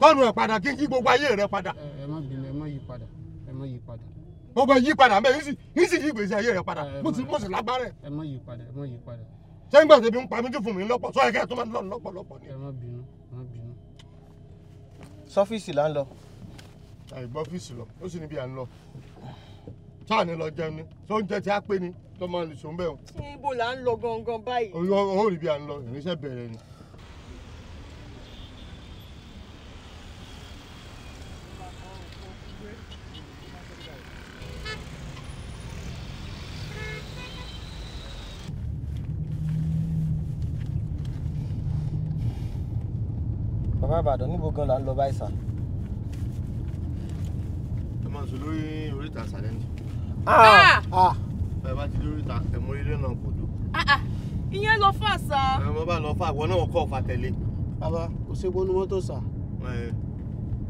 tọ́nu ẹ̀ padà kí n yí gbogbo ayé rẹ padà. ẹ má bínú ẹ má yí padà ẹ má yí padà. gbogbo yí padà mẹ yín sì yí ìgbésí ayé rẹ padà mo sì mo sì lágbára ẹ. ẹ má yí padà ẹ má yí padà. ṣé ń gbàgbé mi ń pa mí jù fún mi lọ́pọ̀ sọ ẹ̀kẹ́ tó máa ń lọ lọ́pọ̀lọpọ̀ ni. ẹ má bínú ẹ má bínú. sọ́fíìsì là ń lọ. àìgbọ́ fíìsì lọ ó sì níbi à ń lọ sáà ní lọ jẹun ni tó ń jẹ ti á pé ni tó máa lè sùn bẹ́ẹ̀ o. ṣé ibo là ń lọ gangan báyìí. ó rí bí à ń lọ ìrìnsẹ̀ bẹ̀rẹ̀ ni. bàbá ìbàdàn níbo gan la ń lọ báyìí sá. ẹ máa sọ lórí oríta sàlẹ̀ ni. ah ah. ah! ẹ bá ti lórí ta ẹ̀mọ ilé náà kò dùn. Ah, ah, ìyẹn lọ fà sá. ẹ̀mọ bá lọ fà àwọn náà kọ́ ọ̀fà tẹ̀lé. bàbá kò sí gbónú mọ́tò sá. ẹ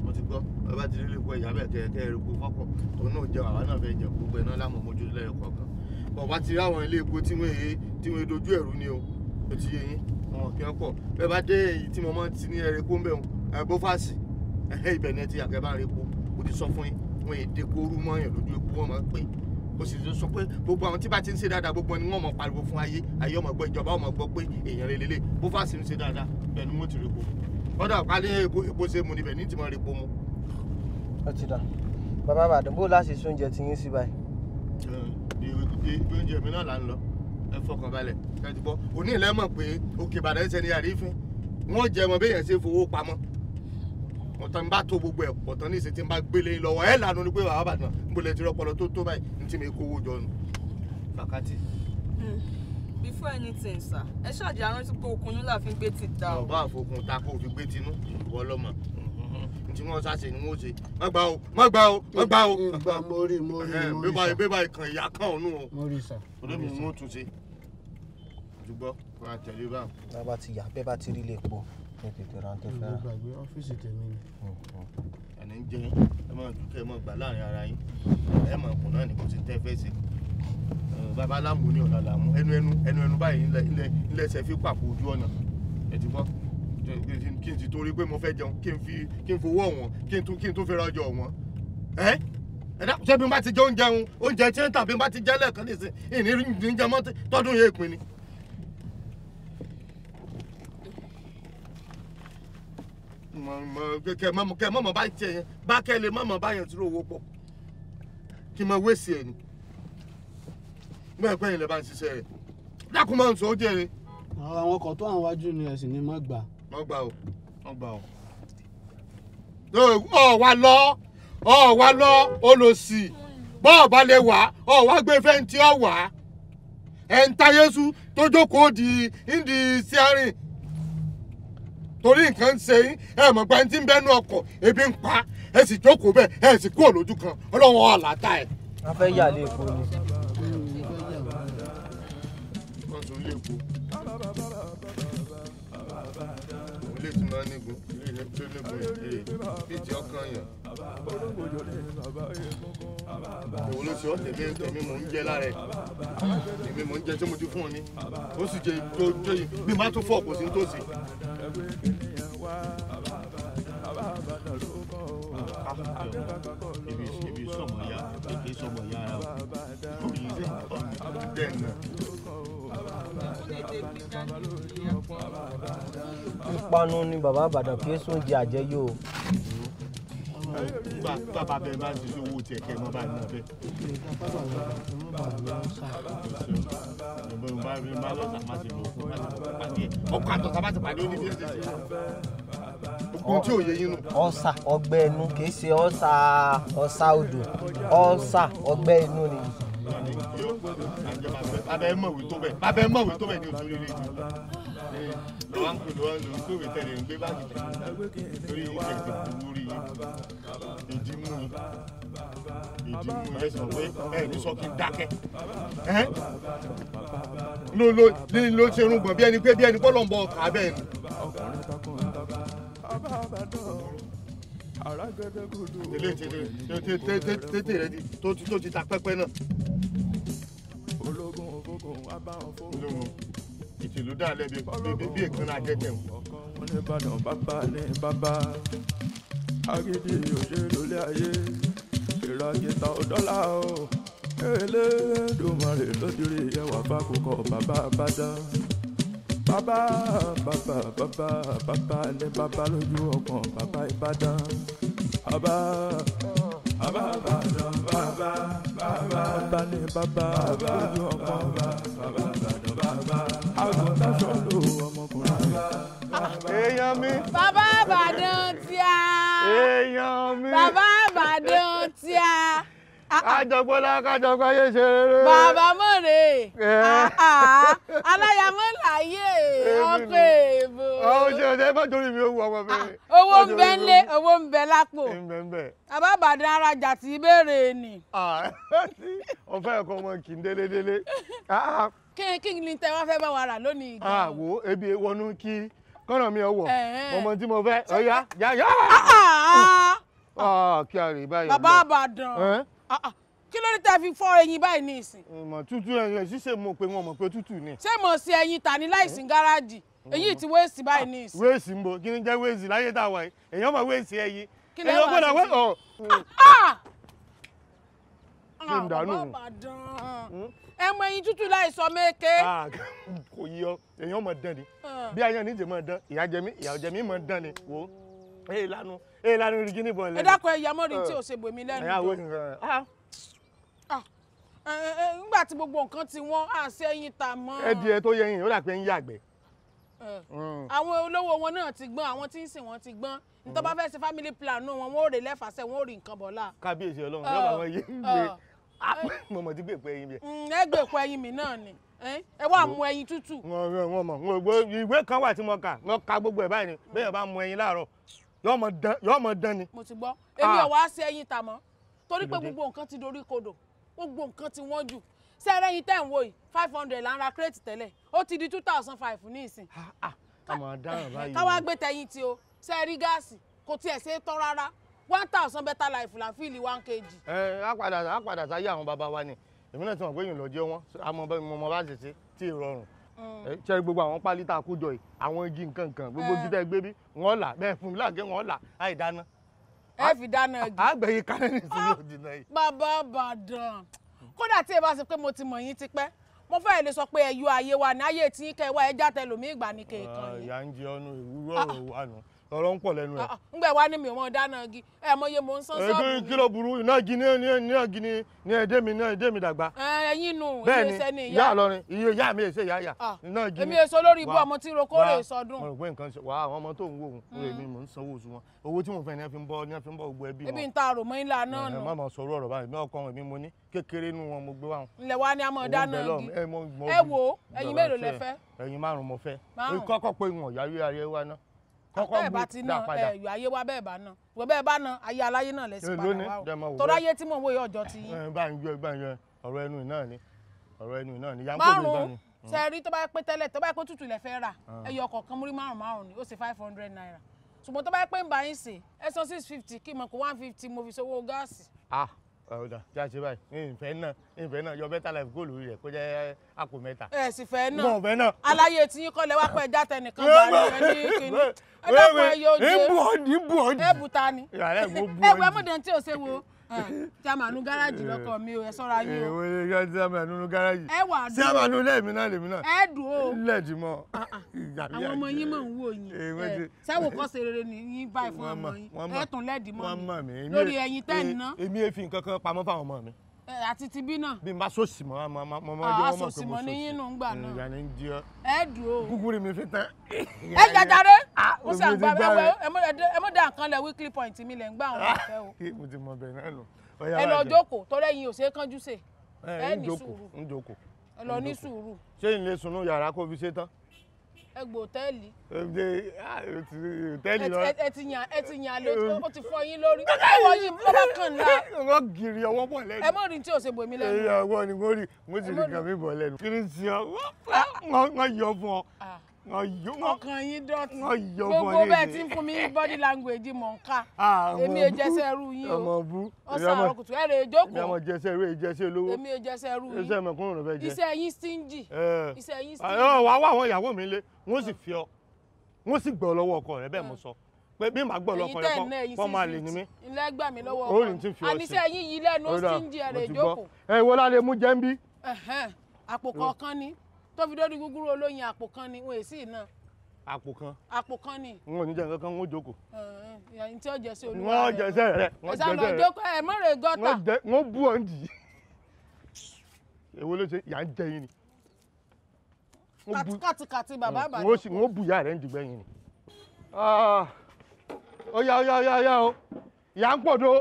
mo ti gbọ́ ẹ bá ti rí lè kó ẹ̀yà bẹ̀ kẹ́ kẹ́ eruku fọ́pọ̀ òun náà jẹun àwa náà fẹ́ jẹun gbogbo ẹ̀ náà láàmú mojú lẹ́yìn kọ̀ọ̀kan. bàbá ti rí àwọn ilé epo tí wọ́n èé e, tí wọ́n e dojú ẹ̀rú ni o ó ti yé yín wọn kí wọ́n pọ̀ bẹ́ẹ̀ bá dé èyí tí mo máa ti ní ẹ̀rẹ́ kó ń bẹ̀ wọn ẹ̀bó fàṣì ẹ̀hẹ́ ibẹ̀ náà ti àgẹ́bá rẹ̀ e kó o ti o sì sọ pé gbogbo àwọn tí bá ti ń ṣe dáadáa gbogbo ni wọ́n mọ̀ pariwo fún ayé ayé ọmọ gbọ́ ìjọba ọmọ gbọ́ pé èèyàn lélẹ́lẹ́ bó fà sí ń ṣe dáadáa bẹ́ẹ̀ ni wọ́n ti repo ọ̀dọ̀ àpáálé epo epo ṣe mu níbẹ̀ ní ti mọ̀ repo mu. ó ti dà bàbá àbàdàn bó láti ṣe oúnjẹ ti yín sí báyìí. oúnjẹ mi náà là ń lọ ẹ fọkàn balẹ̀ ẹ ti bọ́ òní ìlẹ́mọ̀ pé òkè ìbàdàn ṣẹni àrífín wọ́n jẹ́ mọ bẹ́ẹ̀ yẹn ṣe fowó pamọ́ mo tán bá tó gbogbo ẹ̀ pọ̀ tán ní ìsìn tí n bá gbélé lọ́wọ́ ẹ̀ lànà ni pé bàbá bàtàn n bò lè ti rọpọlọ tó tó báyìí ní tí mi kówó jọ nù. bàkátì. Hmm. before anything sir ẹ ṣáàjì arántí pé okun yín láfi gbé ti ta o. ọba àfokùn ta kó fi gbé tinú ìwọ lọmọ tí wọn ṣàṣe ni wọn ṣe má gbà o má gbà o má gbà o. ìgbà mórí mórí mórí eh, sà bébà ìkàn ìyá kan ọ̀nù o. mórí sà olómi ni wọn tún ṣe. àdúgbò wọn àtẹlẹ báwọn. bá a bá ti yà bẹ́ẹ̀ bá ti rí ilé pọ̀ kí n tètè rántí fẹ́ràn. mo gbàgbé ọ́fíìsì tèmi ni. ẹni ń jẹun ẹ máa dùn kẹ́ ẹ máa gbà láàrin ara yín ẹ máa kùn náà ní kò sí tẹ́ fẹ́ ṣe bàbá aláàmú ní ọ̀la làmú ẹnu ẹnu ẹnu ẹnu báyìí ńlẹ̀ ṣe fi pàpọ̀ ojú ọ̀nà ẹ ti gbọ́ kí n ti torí pé mo fẹ́ jẹun kí n fi kí n fowó ọ̀wọ́n kí n tún kí n tún fi ra ọjọ́ ọ̀wọ́n ẹ́ ẹ̀dá ṣé bí n bá ti jẹ oúnjẹ oúnjẹ tí ń tàbí n bá ti jẹ́ lẹ́ẹ̀kan nísìnyí ìní ìjẹmọ́ tọdún yẹn ìpín ni. kẹ mọ kẹ mọ mọ bá tiẹ yẹn bá kẹ lè mọ mọ bá yẹn dúró owó pọ̀ kí n mọ wéṣì ẹ ni mọ ẹgbẹ yẹn lè bá ń ṣiṣẹ́ rẹ dákun máa ń sọ ó jẹrẹ. àwọn ọkọ̀ tó àwọn wájú ni ẹ̀sìn ni má gbà. má gbà o má gbà o. ọ wa lọ ọ wa lọ olòṣì bọ́ọ̀ bá lè wá ọ wá gbé fẹ́ǹtì ọ wá ẹ̀ ń ta yéṣu tó jókòó di ìdí sí àárín torí nǹkan ń ṣe yín ẹ mọ̀ gba ẹni tí ń bẹ́nu ọkọ̀ ebi ń pa ẹ sì jókòó bẹ́ẹ̀ ẹ sì kúrò lójú kan ọlọ́wọ́n àlàtà ẹ̀. a fẹ́ yà lé epo ni. ilé tí máa ń nígun ilé tí ó nígun ìdí ìdí ọkàn yàn olóńgbò jọ lẹ bàbá yẹ kọ́kọ́. òun ló ṣe tèmi tèmi mò ń jẹ lára ẹ̀ tèmi mò ń jẹ tí mo ti fún un ní ó sì jẹ ìjọ yìí bí má tún fọ́ kò sí nítòsí. ibi ibi sọmọ ya èké sọmọ ya ara o kò yí sẹ bẹ́ẹ̀ ìpanu ni bàbá àbàdàn kì í sún jẹ àjẹyó o bàbá bẹ́ẹ̀ máa ń ṣiṣẹ́ owó tiẹ̀ kẹ́ ẹ mọ́ bá nínú abẹ́. ọ̀gbọ́n bá ti lò fún má ti lò pàdé ọkọ̀ àtọ̀tà má ti pàdé ni bàbá ẹ mọ̀wé tó bẹ̀ bàbá ẹ mọ̀wé tó bẹ̀ ní oṣù rere jù lọ wá ń pè lọ́wọ́ lọ́wọ́ pé ń gbé báàgì lórí ìṣẹ̀kẹ̀ kúrú rí ìdí nìyẹn sọ pé ẹ ní sọ kí n dákẹ́ ẹ ló ló ní ló ṣe irun gbọ̀n bí ẹni pé bí ẹni pọ́ lọ́nbọ̀ ọkà bẹ́ẹ̀ ni. tèlé tèlé tètè rẹ tó ti ta pẹ́pẹ́ náà. ológun òfógun wá bá wọn fóònù. ìtìlú dà lẹ́bi bí èkánná ajẹ́jẹ́ wọn. ọkọ oníbàdàn bàbá ní bàbá agídí òṣèlú lé ayé ìrọ̀gìtà ọ̀dọ́là o Elédùmarè lójúrí ẹwà fákòkò bàbá bàdá bàbá bàbá bàbá bàbá ní bàbá lójú ọkàn bàbá Ìbàdàn bàbá bàbá Ìbàdàn bàbá bàbá ní bàbá lójú ọkàn bàbá Ìbàdàn bàbá àgùntàn sọ̀rọ̀ ọmọkùnrin. èèyàn mi. bàbá Ìbàdàn èèyàn mi. bàbá àbàdàn tí a. kájọpọlá kájọpọ ayé ṣe rere. bàbá mọ̀rẹ́ eh. aláyàmọ́ láyé ọkọ̀ èèbò. ọ̀hún ṣe ọ̀sẹ̀ bá torí mi owó ọmọ mi. Ah, owó ń bẹ nílé owó ń bẹ lápò. bàbá àbàdàn arajà tí béèrè ni. ọ̀fẹ́ ẹ̀kọ́ ọmọ kì í délé ah, ah. kí ni tẹ wá fẹ́ bá wa rà lónìí. àwo ebi wọnú kí kọ́nà mi ò ọmọ eh, eh. tí mo fẹ́ ọ̀yá yáyá. Ah, ah, ah, kí a rè báyìí. bàbá àbàdàn eh? kí ló ní tẹ́ fi fọ́ ẹyin báyìí ní ìsìn. ìmọ̀ tútù ẹyin ṣíṣe mo pe wọn mọ̀ pé tútù ni. ṣé mo ṣe ẹyin tà ní láìsí gáràjì èyí ti wéèsì báyìí ní ìsìn. wéèsì ń bo kí ni jẹ́ wéèsì láyé tá a wà yìí èèyàn mọ̀ wéèsì ẹyin. kí ló wà sí i oh kí ah, n dànù. àwọn bàbá dán ẹ mọ ẹyin tútù láìsọ méke. Ah, kò yí ọ èèyàn mọ dán ni ah. bí ayé ní ìjẹmọ dán ìyá jẹmí ìyá jẹmí mọ dán ni wò ó èyí lanu èyí lanu rí gíní bọ lẹnu. ẹ dákun ẹyà mọ́rin tí ò ṣe bòmí lẹ́nu tó nígbà tí gbogbo nǹkan ti wọ́n á ṣe ẹyin ta mọ́. ẹ di ẹ tó yẹ yín ó dà pé ń yàgbẹ́. Eh. Hmm. àwọn olówó wọn náà ti gbọ́n àwọn tí ń sìn wọn ti gbọ́n nítorí bá hmm. fẹ́ ṣe family plan náà wọn wọn ò rè lẹ́fàṣẹ́ wọn ò rí nǹkan bọ̀lá. kábíyèsí ọlọ́run yóò bá wọn yé ń gbé mo mọ̀ tí gbèpò ẹyin mi. Mm, ẹ gbèpò ẹyin mi náà ni ẹ wá mú ẹyin tútù. wọn mọ wọn mọ wọn gbọ ìwé kan wà tí mo kà wọn ka gbogbo ẹ báyìí ni bẹ́ẹ̀ bá mú ẹyin láàárọ̀ yóò mọ dán ni. mo ti gbọ́ èmi ah. ò wá sí ẹyin tà mọ́ torí pé gbogbo nǹkan ti dorí kodò gbogbo nǹkan ti wọ́n jù sẹ́rẹ́ yín tẹ̀ ń wò yìí five hundred là ń ra crate tẹ́lẹ̀ ó ti di two thousand five ní ìsìn. Ah, ah, káwa gbé tẹyin tí o sẹ́ẹ̀rí gáàsì kò tiẹ̀ ṣe é tán rárá one thousand better life la fi li one kg. ẹ á padà á padà sáyé àwọn bàbá wa ni èmi náà ti mọ̀ pé èèyàn lọ jẹ́ wọn àmọ́ ọmọ bá ṣe ṣe tí ì rọrùn mm. ṣe gbogbo àwọn pálí tá a kó jọ yìí àwọn igi nǹkan nǹkan gbogbo igi mm. tẹ́ gbé bí wọ́n là bẹ́ẹ̀ fún mi láàgé wọ́n là àì dáná. ẹ fi dáná jù. àgbẹ̀yìn kárẹ́nì sí yóò dìna yìí. bàbá àbàdàn kódà tí ẹ bá ṣe pé mo ti mọ̀ yín ti pẹ́ mo fẹ́ lè sọ pé ẹ̀yọ́ ayé wa ní ayé tí kẹ́ wá ẹja tẹ lómi ìgbà ní kéèkan yìí. Ah, ìyá ń jẹ ọ́nù ìwúrọ̀ ah. wà nù ọ̀rọ̀ ń pọ̀ lẹ́nu ẹ̀. ngbẹ wa ni mi ò mọ dáná igi ẹ mọ iye mò ń sán sọọbù mi. kí ló burú iná igi ní iná igi ní ní ẹdẹ mi ní ẹdẹ mi dàgbà. ẹyin nù iye iṣẹ ni ìyá. bẹ́ẹ̀ni ìyá lọrin iye ìyá mi èsè ìyá ìyá ah, iná igi ní. èmi èso lórí ibú ọmọ tí roko rè sọdún. mo rò pé nǹkan ṣe wàá àwọn ọmọ tó ń wò ó mm. èmi mò ń sanwó oṣù wọn owó tí mo fẹ́ ni ẹ fi ń bọ́ ni ẹ fi ń bọ́ gbogbo ẹbí wọn. ebi ń ta àròmọ ńlá náà nù. má máa sọ̀rọ̀ ọ̀rọ̀ báyìí mi ọkọ wọn èmi wo ẹyin mélòó lẹ fẹ́. ẹyin márùn-ún mo fẹ́ kọ́kọ́ pé kọ́kọ́ gbé dá padà àtẹ ayé wa bẹ́ẹ̀ bá náà wọ́n bẹ́ẹ̀ bá náà ayé aláyé náà lẹ́sìn padà wá o tọ́lá ayé tí mò ń wòye ọjọ́ ti yín. bá ń yọ bá ń yọ ọ̀rọ̀ ẹnu náà ni ọ̀rọ̀ ẹnu náà ni yàgò mi náà ni. sẹ́ẹ̀rí tó bá yẹ pé tẹ́lẹ̀ tó bá yẹ pé tútù lẹ̀ fẹ́ rà ah. ẹyọ kọ̀ọ̀kan múrí márùn márùn ni ó ṣe five hundred naira ṣùgbọ́n tó bá yẹ pé ń bá yín ṣe ẹ san six fifty kí mọ̀ kó one fifty mo fi ṣòwò gáàsì. ah ọ̀dà já ṣe báyìí ìfẹ́ náà ìfẹ́ náà yọ better life góòlù rẹ̀ kó jẹ́ àpò mẹ́ta. ẹ sì fẹ́ náà bọ̀ fẹ́ náà. aláyé tí yín kọ́ lẹ wá pẹ́ jáde nìkan bá rẹ̀ ní kínní. ẹ dákun ẹ yóò jẹ ẹ bù ọ́ ní bù ọ́ ní. ẹ bù ta ni. ẹ wẹ́ mọ̀dé tí o ṣe wo jámánú ah, gáràjì lọkọ mi ò ẹ sọ́ra yín o. èwo ni yọ jámánú gáràjì. ẹ wà dùn. jámánú lẹ́ẹ̀mí náà lèmi náà. ẹ dùn o. lẹ́ẹ̀dì mọ́. Ah, ah. àwọn ọmọ yín mọ̀ ń wò yín. sáwò eh, eh, kọ́ ṣe rere yín báyìí fún ọmọ yín. ẹ tún lẹ́ẹ̀dì mọ́ mi lórí ẹyin tẹ́ ẹ̀ eh, ná. èmi èéfín kankan pamọ́ fáwọn ọmọ mi àti ti bí náà. bí n bá sòsì mọ́ mọ́ mọ́ mọ́ jẹ́ wọ́n mọ̀ pé mo sòsì. ìyá ni ń di ọ. ẹ dùn ó. kúkúrú mi fi tán. ẹ jàjàre ah, mo sì àgbà ẹwẹ ẹ mọ dá nǹkan lẹ weekly point mi lẹ ń gbà àwọn ọ̀fẹ́ ah, o. mo ti mọ bẹ́ẹ̀ náà lọ. ẹ lọ jókòó torí ẹ̀yin ò ṣe é kánjú sè. ẹ ní sùúrù ẹ lọ ní sùúrù. ṣé ìlẹ̀sùn yàrá kó fi ṣe tán? ẹ gbọ́ òtẹ́ẹ̀lì. Ah, òtẹ́ẹ̀lì lọ. ẹ ti yàn ẹ ti yàn lójú ó ti fọ yín lórí ọwọ́ yín bọ́bá kan ńlá. wọ́n giri ọwọ́ bọ̀ lẹ́nu. ẹ mọ̀ rí tí o ṣe bò mí lẹ́nu. ẹ ọwọ́ ni mo rí mo ti rí kàn mí bọ̀ lẹ́nu. kí ni ti ọ wọ́n yọ fún ọ ah ọkàn yín dọ̀tí gbogbo bẹ́ẹ̀ tí ń fún mi body language mọ̀ ń ká ah, èmi ò jẹsẹ̀ ẹrú yín o ọ̀sán àrọ̀ kùtù ẹ̀rẹ̀ ìjókòó èmi ò jẹsẹ̀ ẹrú ìjẹsẹ̀ olówó èmi ò jẹsẹ̀ ẹrú yín iṣẹ́ mẹ̀kúnnù rẹ̀ fẹ́ jẹ iṣẹ́ yín stingy iṣẹ́ yín ah, stingy. wàá wá àwọn ìyàwó mi lé wọ́n sì fi ọ wọ́n sì gbọ́ lọ́wọ́ ọkọ rẹ bẹ́ẹ̀ mo ah. sọ pé bí màá gbọ́ lọ́kọ rẹ kọ́ máa lè ní mí. ilé gbà mí lọ́wọ́ ọkọ àníṣe yín yìí lẹ́nu stingy ẹ̀rẹ̀ ìjókòó. ẹ wo la lè mú tó fi dórí gúgúrú olóyin àpò kan ni wọn èsì náà. àpò kan. àpò kan ni. n ò ní jẹ nǹkan kan n ó jókòó. ẹyin tí ó jẹ sí olúwa rẹ. wọn jẹ sẹ rẹ. wọn jẹ sẹ rẹ. ẹsàmọ ìjókòó ẹ mọ̀rọ̀ gọ́tà. wọn jẹ wọn bú ọ̀ ń dì í. èwo ló ṣe yà ń jẹ yín ni. kàtìkàtì bàbá bàbá. wọn ó bu ìyá rẹ ń dìgbẹ́yìn ni. Ah, ó yá ó yá ó yá ó yá ó yà ń pọ̀ tó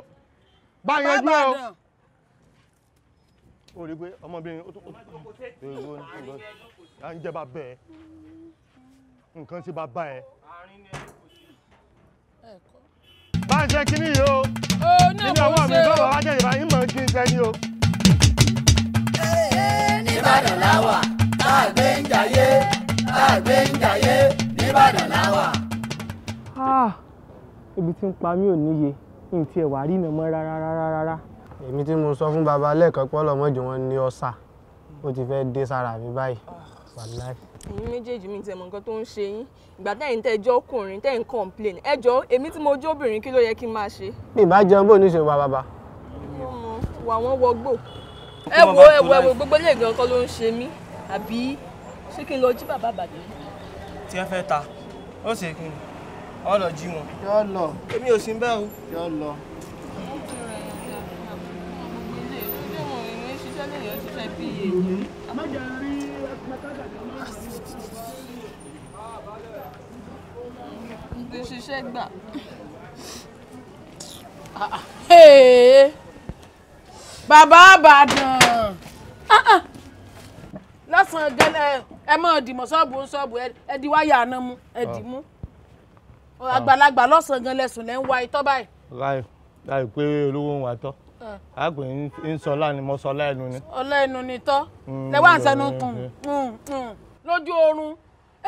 báyẹn dúró ó rí pé ọmọbìnrin ó tó ó tó ìwọ ní à ń jẹ́ bá bẹ́ẹ̀ nǹkan sí bá bá ẹ. bá a jẹ́ kínní yìí o nínú ọwọ́ mi bá wàá jẹ́ ìbá ìmọ̀ kí n jẹ́ ní o. nìbàdàn láwà tá a gbé ń jayé tá a gbé ń jayé nìbàdàn láwà. Ah, ibi tí ń pa mí ò níye ní ti ẹ̀ wà rí mi mọ́ rárá rárá rárá èmi tí mo sọ fún baba lẹ́ẹ̀kan pọ́lọ̀ mọ́jú wọn ní ọ̀sà ó ti fẹ́ dé sára mi báyìí wàláì. ẹ̀yin méjèèjì mi tẹ̀ mọ̀ nǹkan tó ń ṣe yín ìgbà tẹ̀yìn tẹ̀ jọ́ ọkùnrin tẹ̀yìn complain ẹ èmi tí mo jọ́ obìnrin kí ló yẹ kí n máa ṣe. mi ìbá jẹun bó ní ṣe wà bàbá. wà wọ́n wọgbó ẹ wo ẹ wo ẹ wo gbogbo ilé ìgbọ̀n kan ló ń ṣe mí àbí ṣé kí n lọ jí bàbá àbàdàn. tí ẹ fẹ́ ta ó ṣèkùn ọ lọ jí wọn. yọ lọ. èmi ò sí bẹ́ẹ̀ o. yọ lọ. lẹ́yìn oṣù fẹ́ bí èyí. àmọ́jà rí mẹ́tàdà kan máa ń rí ọ̀rọ̀ ní ṣiṣẹ́ gbà. bàbá àbàdàn ah, ah. lọ́sàn-án gẹ́lẹ́ ẹ mọ̀ dìmọ̀ ṣọ́ọ̀bù ṣọ́ọ̀bù ẹ di wáyà àná mu ẹ dì mú ah. àgbàlagbà lọ́sàn-án gẹ́lẹ́ sùn lẹ́ ń wa itọ́ báyìí. láì láì pé olówó ń wa tọ́ àgbẹ̀ ń sọlá ni mo sọlá ẹnu ni. ọlá ẹnu ni tọ́ lẹ́wọ́n àṣẹnu tún lójú oorun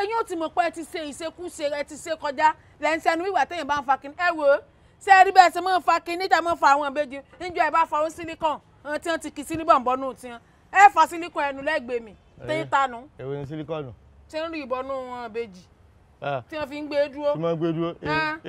ẹ̀yin ó ti mọ̀ pé ẹ ti ṣe ìṣekúṣe ẹ ti ṣe kọjá lẹ́ńsẹ̀nu ìwà tẹ̀yìn bá ń fa kínní ẹ wò ó ṣe rí bẹ́ẹ̀ ṣe máa ń fa kínní ìjà máa ń fa àwọn ìbejì níjọ ẹ bá fa ohun sílíkàn ohun tí wọ́n ti kì í sílíbọ̀n bọ́nú tiwọn ẹ fa sílíkàn ẹnu lẹ́gbẹ̀ẹ́ mi tẹ́yìn tanu. èwo ni sílíkọ̀nù. ṣé ń rí ìbọnú wọn ìbejì ah. tí wọ́n fi ń gbé dúró. tí wọ́n gbé dúró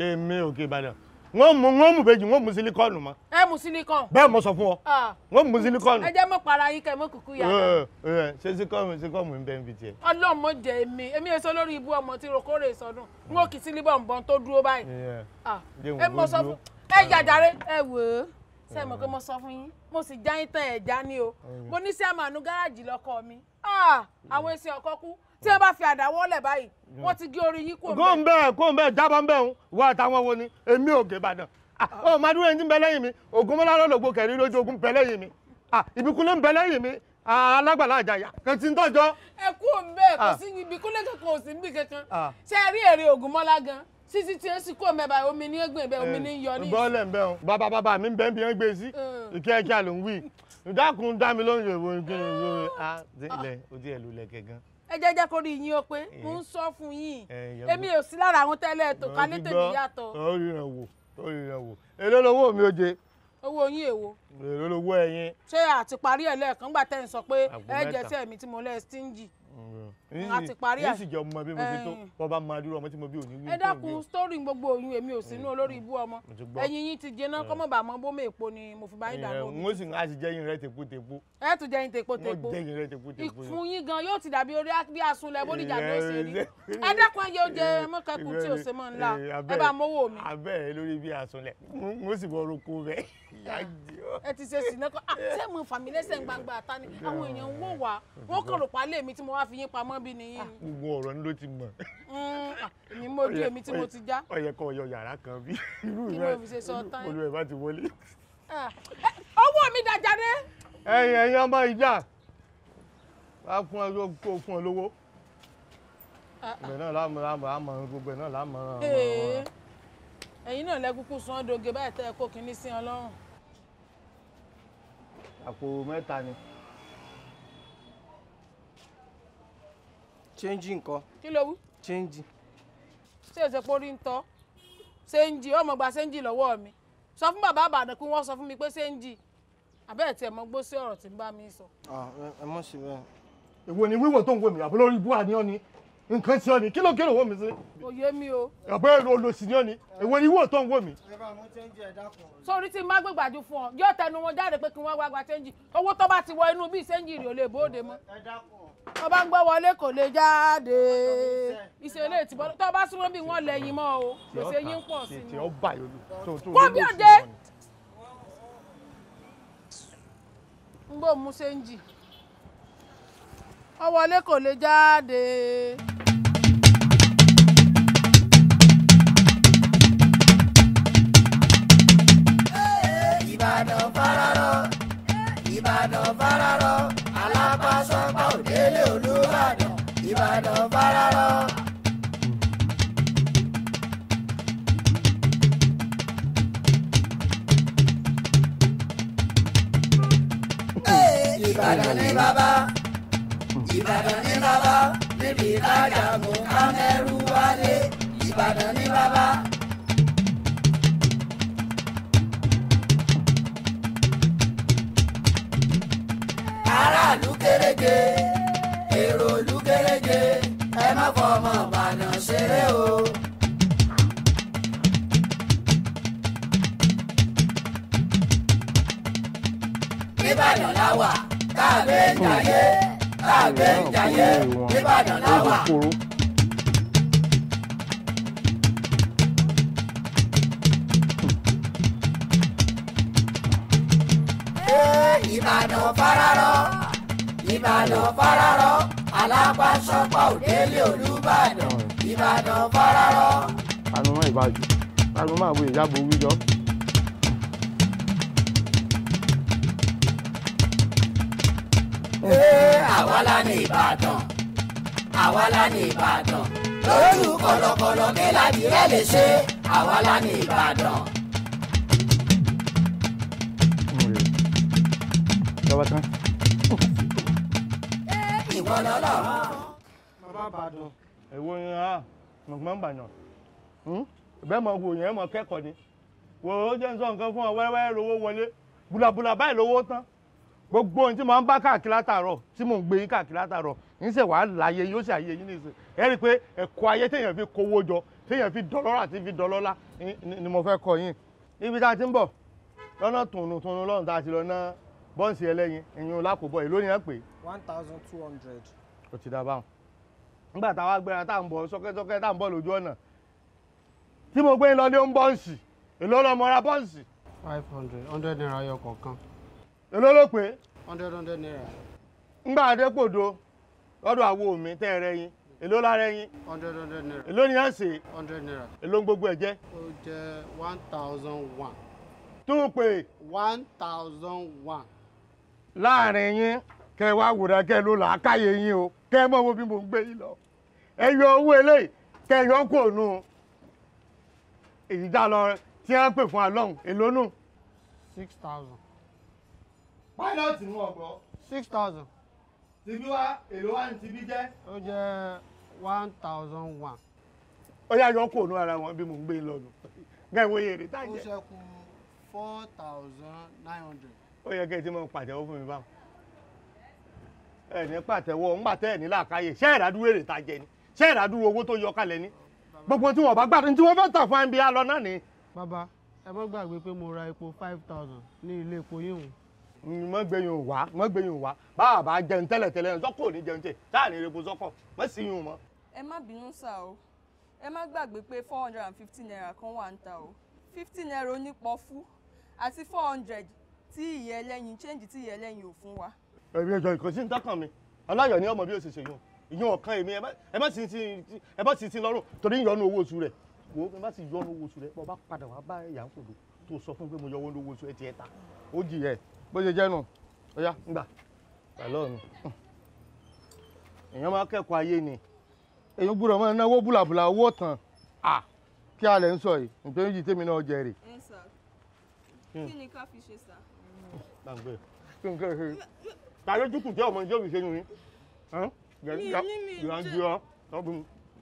èmi òkè Ìbàdàn wọ́n mú wọ́n mú bèjì wọ́n mú sílíkọ́ọ̀nù mọ́. ẹ mú sílíkọ́ọ̀nù. bẹ́ẹ̀ mo sọ fún ọ. Ah. wọ́n mú sílíkọ́ọ̀nù. ẹ jẹ́ mọ̀ para yín kẹ́ mọ̀ kúkú yàrá. Eh, eh, eh, ṣé sílíkọ́ọ̀nù sílíkọ́ọ̀nù ń bẹ́ẹ̀ ń bi tiẹ̀. ọlọ́mọ jẹ èmi èmi èso lórí ibú ọmọ tí rokore sọdún n ó kì í sílíbọ̀nbọ̀n tó dúró báyìí. Ah. ẹ mọ sọ fún ẹ jàjàre ẹ wò ó ṣe mọ̀ pé mo sọ fún yín mo sì já yín tán ẹ̀ já ní o mo ní sí àmàánú gáràjì lọ́kọ̀ mi ah. àwọn èsì ọ̀kọ́ kú tí ẹ bá fi àdáwọ́ lẹ̀ báyìí wọ́n ti gé orí yín kò ń bẹ́ẹ̀. kò ń bẹ́ẹ̀ kò ń bẹ́ẹ̀ jábọ̀ ń bẹ́ẹ̀ ń wá àtàwọn wo ni èmi ò gé ìbàdàn ah, ah. ó máa dúró ẹni tí ń bẹ lẹ́yìn mi ògúnmọ́lá lọ́lọ́gbò kẹrin lójú ogun bẹ lẹ́yìn mi ah, ìbíkúnlé ń bẹ lẹ́yìn mi alágbàlá àjàyà kan ti ń tọ́jọ́. ẹ kú ń bẹ́ẹ̀ kò sí ìbíkúnlé kankan ò sí níbi kankan ṣe é rí èrè ògúnmọ́lá gan títí tí ó sì kó mẹ́ba omi ní gbìn bẹ́ẹ̀ omi eh, ní yọ ní. bọ́ọ̀lẹ̀ ń bẹ́ wọn bàbá bàbá mi ń bẹ́ ń bí wọ́n gbé sí eh. ìkẹ́ ẹ̀kẹ́ àlòń wí ìdákùn dá mi lóhùn yòówó ní kí n yòówó ilẹ̀ ojú ẹ̀ lulẹ̀ kẹ̀gan ẹ jẹ́ jẹ́ kó rí yín o pé eh. mo ń sọ fún yín eh, èmi ò sí lára àwọn tẹ́lẹ̀ ètò kálé tèmi yàtọ̀. ó rí ràn wò ó rí ràn wò èló lowó mi ò jẹ. owó yín èwo. èló lowó ẹyin. ṣé àti parí ẹ̀ lẹ́ẹ̀kan gbà tẹ́ ń sọ pé ẹ jẹ́ sí ẹ̀mí tí mo lẹ́ẹ̀ stingy. Mm a ti parí ẹ̀. èsì jẹ́ ọmọ bí mo ṣe tó bọ́ bá máa dúró ọmọ tí mo bí òní wí. ẹ dákun sítórì gbogbo òyìn èmi ò sínú olórí ibú ọmọ ẹyin yín ti jẹná kọ́mọ̀ bá mọ́ bómi èpo ni mo fi bá yín dànù. n ó sì ń àti jẹ́yìn rẹ tepo tepo. ẹ tún jẹ́yìn tepo tepo ìfun yín gan yóò ti dàbí orí bí asunlẹ̀ bódìjà ló ṣe rí ẹ dákun ẹyẹ oúnjẹ mọ́kẹ́kù tí ò ṣe mọ́ ńlá ẹ bá mọ́wọ́ mi. abẹ́rẹ́ lórí bí asunlẹ̀ n ó sì bọ́ oroko bẹ́ẹ̀ ẹ ti ṣe sìnẹ́kọ̀ àti ah, ẹ̀mọ fàmílẹ́sẹ̀ gbangba àtàní àwọn èèyàn ń wò wá wọ́n kọ̀rọ̀ pálẹ̀ mi tí mo wá fi yín pamọ́ tóbi nìyí. Ah, gbogbo ọ̀rọ̀ ni ló ti mọ̀. Mm, ah, èmi mo bí èmi tí mo ti já. ó yẹ kó yọ yàrá kan bí irú rẹ olùwẹ̀ bá ti wọlé. owó ah, mi dàjáde. ẹ̀yin ẹ̀yin ọmọ ìjà wàá fún ọ yóò kó fún ọ lówó ìgbẹ́ náà láàmú láàmú àmọ́ gbogbo ẹ̀ náà láàmú ọ̀ràn ọ̀ràn. ẹ̀yin náà lẹ́kùkù sàn dòge báyìí tẹ́ ẹ kó kinní sí ọlọ́run. àpò mẹ́ta ni. chẹ́ńjì nǹkan. kí ló wú. chẹ́ńjì. ṣé o ṣe porí ń tọ́ ṣẹ́ńjì ọmọ gba ṣẹ́ńjì lọ́wọ́ mi sọ fún bàbá àbàdàn kí wọ́n sọ fún mi pé ṣẹ́ńjì àbẹ́ẹ̀ tí ẹ̀ mọ́ gbó sí ọ̀rọ̀ tí ń bá mi sọ. ẹ mọ̀ sí bẹ́ẹ̀. èwo ni wíwọ̀ tó ń wò mí àbúrò ibú àníyàn ni nǹkan tí ọ kí ló kéré wọ́n mi sí. òye mi o. àbúrò olóòsì ni ọ ni èwo ni wíwọ̀ tó ń wò mí. sórí tí má gbégbàjú fún ọ yóò tẹnu wọn jáde pé kí wọ́n wá gba ṣẹ́ńjì owó tó bá ti wọ inú bíi ṣẹ́ńjì rè ò lè bóde mọ́. tó bá wọlé kò lè jáde ìṣẹ̀lẹ̀ bá súnmọ́ bí wọ́n lẹ́yìn mọ́ o gbèsè pọ̀ sí i. kó bí òde ń gbọ́ kò lè jáde. sápásánpá òdélé olúbàdàn ìbàdàn fárárọ. ìbàdàn ní bàbá ìbàdàn ní bàbá níbi ìtajà mú kámẹ́rù wálé ìbàdàn ní bàbá olùgẹ́rẹ́gẹ́ èrò olùgẹ́rẹ́gẹ́ ẹ má fọmọ Ìbàdàn ṣeré o. Ìbàdàn la wà káàgbé ń jayé káàgbé ń jayé Ìbàdàn la ìbàdàn fararọ alápàṣọpọ̀ òdélé olùbàdàn ìbàdàn fararọ. ànumọ́ ìbàjù ànumọ́ àwọn ìyàbò wíjọ. ee àwa la ní ìbàdàn àwa la ní ìbàdàn lójú kọlọkọlọ kí ládìrẹ́ lè ṣe àwa la ní ìbàdàn. Tchau, bacana. Falala. Bàbá Ìbàdàn, èwo ni a mọ̀gbọ́n Ìbàdàn? Hmm? Bẹ́ẹ̀ mọ̀ wò yẹn mọ̀ kẹ́kọ̀ọ́ ni. Wò ó jẹ́ nsọ nǹkan fún ọ wẹ́rẹ́wẹ́rẹ́ lówó wọlé. Bùlàbùlà báyìí lówó tán. Gbogbo ohun tí mo ń bá káàkiri látàárọ̀ tí mò ń gbé yín káàkiri látàárọ̀ ń ṣe wàá láyé yóò ṣe àyè yín nìṣẹ́. Ẹ rí i pé ẹ̀kọ́ ayé téèyàn fi kówó jọ téèyàn fi dọ́lọ́rà àti fi dọ́lọ́lá ni mo fẹ́ kọ́ yín. Ibi tá a ti ń bọ̀ lọ́nà tùnùtùnù lọ́run tá a ti lọ ná bọ́ǹsì ẹlẹ́yin ìyún lákòbọ̀ èló ni ẹ pè é. one thousand two hundred. ti dábàá wọn nígbà táwa gbéra tá à ń bọ̀ sọ́kẹ́sọ́kẹ́ tá à mo ra five hundred hundred naira yọ kan. Elo ló pé. hundred naira. ngbà adépòdo lọ́dọ̀ àwo mi tẹ́ ẹ Elo èló lára ẹyin. hundred naira. Elo ni à ń hundred naira. Elo one thousand one. kẹ wá wòrán kẹ ló là á káyé yín o kẹ mọ wo bí mo ń gbé yín lọ ẹ yọ owó eléyìí kẹ yọ kó nù èyí dá lọ tí wọn pè fún wa lọ́hùn six thousand. pálọ̀tì mú ọ̀gbọ́. six thousand. tibí wa èló wa ní tibí jẹ́. ó jẹ́ one thousand one. ó yá yọ kó nù ara wọn bí mo ń gbé yín lọ nù gẹ́gẹ́ wo yèrè tá jẹ. ó ṣe four thousand nine hundred. ó yẹ kẹ́ ẹ ti mọ pàtẹ́wọ́ fún mi báwọn. ẹni pàtẹ́wọ́ ńgbà tẹ́ ẹni làákàyè ṣé ìdádúró èrè ta jẹ ni ṣé ìdádúró owó tó yọ kalẹ̀ ni gbogbo tí wọn bá gbàdúrà tí wọn fẹ́ tà fún ẹnbí náà ni. bàbá ẹ mọ gbàgbé pé mo ra epo five thousand ní ilé epo yìí o. mọ gbẹyìn wá mọ gbẹyìn wá bàbá jẹun tẹ́lẹ̀tẹ́lẹ̀ ní jẹun tẹ epo sọkọ mọ sí ẹ má bínú sá o ẹ má gbàgbé pé four hundred naira kan wà ń ta o fifty èmi ẹjọ ìkọsí ń dákàn mi aláyọ̀ ni ọmọ bí òṣèṣe yun ìyún ọ̀kan èmi ẹ bá sì ti lọ́rùn torí ń yọnu owó oṣù rẹ̀ wò ó bá sì yọnu owó oṣù rẹ̀ bọ́ bá padà wá bá ìyá ń kòdó tó sọ fún pé mo yọwọ́ lówó oṣù ẹ ti ẹ ta ó jì ẹ bó ṣe jẹ́ nù ọ̀yá ńgbà pẹ̀lú ọ̀nù èèyàn máa kẹ́kọ̀ọ́ ayé ni èèyàn gbúdọ̀ máa náwó búlàbúlà owó tán à kí alẹ̀ ń sọ yìí nítorí yìí tèmi náà jẹ rè. ẹ sà hmm. kí ni ká fi ṣe sà. gbàgbé kí n kẹ́ ẹ tàbí jùkù jẹ́ ọmọ ìjọba ìṣẹ́nu yìí ìrànjú ọ lọ́gbìn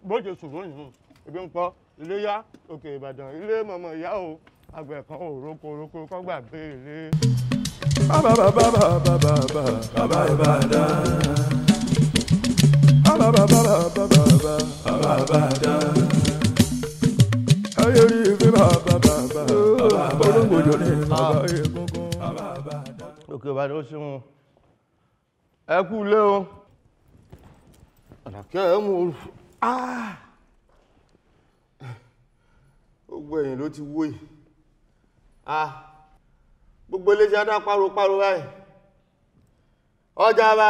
bóde sùn lónìí nù ebi ń pọ́ iléyá òkè ìbàdàn ilé mọ̀mọ́ ìyá o àgbẹ̀ kan ò roko roko kọ́ gbà béèrè. bàbá ah. òkè ìbàdàn ó ṣeun. ẹ o àdàkẹ́ ẹ ah! gbogbo ẹ̀yìn ti wó yìí ah gbogbo iléeṣẹ́ adá páropáro báyìí ọjà bá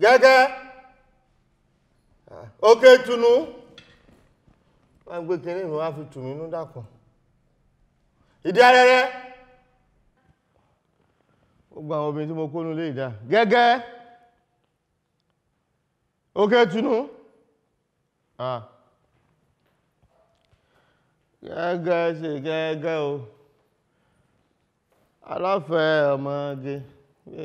gẹ́gẹ́ òkè ah! túnú wọ́n gbé kìnnìún wá fi tùmínú gbogbo àwọn obìnrin tí mo kó nílé ìdá gẹ́gẹ́ ókè túnú gẹ́gẹ́ ṣe gẹ́gẹ́ o aláfẹ́ ọmọge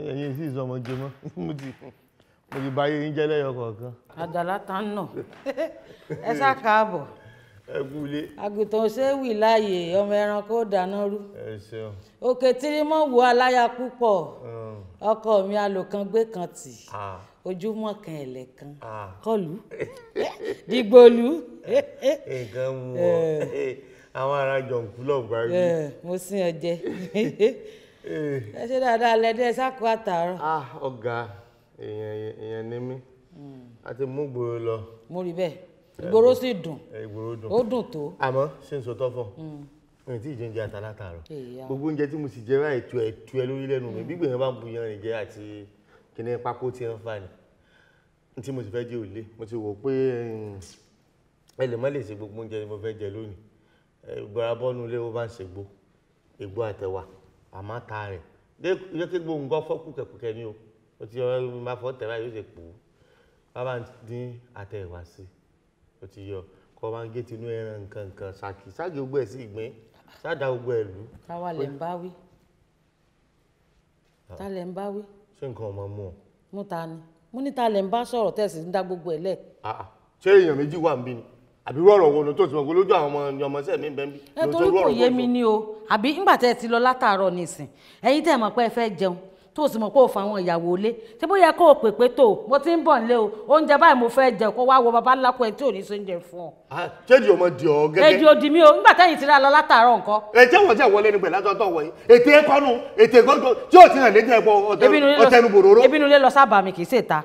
ẹ̀yìn sí ìsọmọge mọ́ mo ti báyé yín jẹ́ lẹ́yọ kọ̀ọ̀kan àdàlátà náà ẹ sá káàbọ̀ ẹgúnlé. àgùntàn ṣéwì láàyè ọmọ ẹranko dáná rú. ẹ ṣeun. òkè tirimọ wo aláya púpọ̀ hmm. ọkọ mi alòkan gbé kan tì ojúmọ́ kan ẹlẹ kan kọlu dìgbòlu. nǹkan mu ọ eh. àwọn ará jọǹkú lọgbà rí. Eh, mo sin ọjẹ eh. ẹ ṣe dáadáa lẹdẹ sáko àtàárọ̀. ọ̀gá èèyàn ni mí hmm. a ti mú gbòòrò lọ. mo rí bẹ́ẹ̀ ìgboro sì dùn ó dùn tó. àmọ́ ṣé n sọ tọ́ fún hmm. mi tí ìjẹun jẹ àtàlátà rọ gbogbo oúnjẹ tí mo sì jẹ báyìí tu ẹ tu ẹ lórí lẹ́nu mi hmm. gbígbé yẹn bá ń bu yanrìn jẹ àti kíní pákó tí ń fa ni tí mo sì fẹ́ jẹ òlé mo ti wò pé hmm, ẹ lè má lè ṣe gbogbo oúnjẹ ni mo fẹ́ jẹ lónìí gbọ́ra bọ́nu ilé ó bá ń ṣègbó ègbó àtẹwà àmọ́ ta rẹ̀ yẹ kí gbogbo nǹkan fọ́ kùkẹ̀kùkẹ̀ ni o ó ti ọ̀rẹ́ mi máa fọ́ tẹ̀ra yóò ṣe pò ó bá bá dín àtẹ̀wà sí i. ó ti yọ kọ́ máa ń gé tinú ẹran nǹkan nǹkan ṣáàkì ṣáàkì gbogbo ẹ̀ sí ìgbín ṣáàdá gbogbo ẹ̀ lù. táwa lẹ̀ ń bá ah. ta lè ń bá wí. ṣé nǹkan ọmọ mú ọ. mú ta ni mo ní ta lè ń bá sọ̀rọ̀ tẹ̀sí ń dá gbogbo ẹ̀ lẹ̀. Ah, ah. ṣé èèyàn méjì wà ń bí ni àbí rọrọ wo ló tó ti mọ pé lójú àwọn ọmọọṣẹ mi bẹ ń bí. ẹ torí kò yé mi ni o àbí ńgbà tẹ ti lọ látàárọ̀ nísìn ẹ̀yin tẹ pé ẹ jẹun tó sì mọ̀ pé ó fa àwọn ìyàwó ilé tí bó yẹ kó o pèpè tó mo ti ń bọ̀ nílé o oúnjẹ báyìí mo fẹ́ jẹ kó wá wo baba ńlá kó ẹ tí ò ní sóúnjẹ fún ọ. Ah, ṣéèdì ò mọ di ọ gẹ́gẹ́. èdè òdì mi o nígbà tẹ́yìn ti ra lọ látàárọ̀ nǹkan. ètè wọn jẹ wọlé nígbà látọ tọ wọ̀nyí ètè kọnu ètè gọdọ tí ò ti hàn létí ẹgbọ ọtẹnu bòróró. ebínú ilé lọ sábà mi kì í ṣèta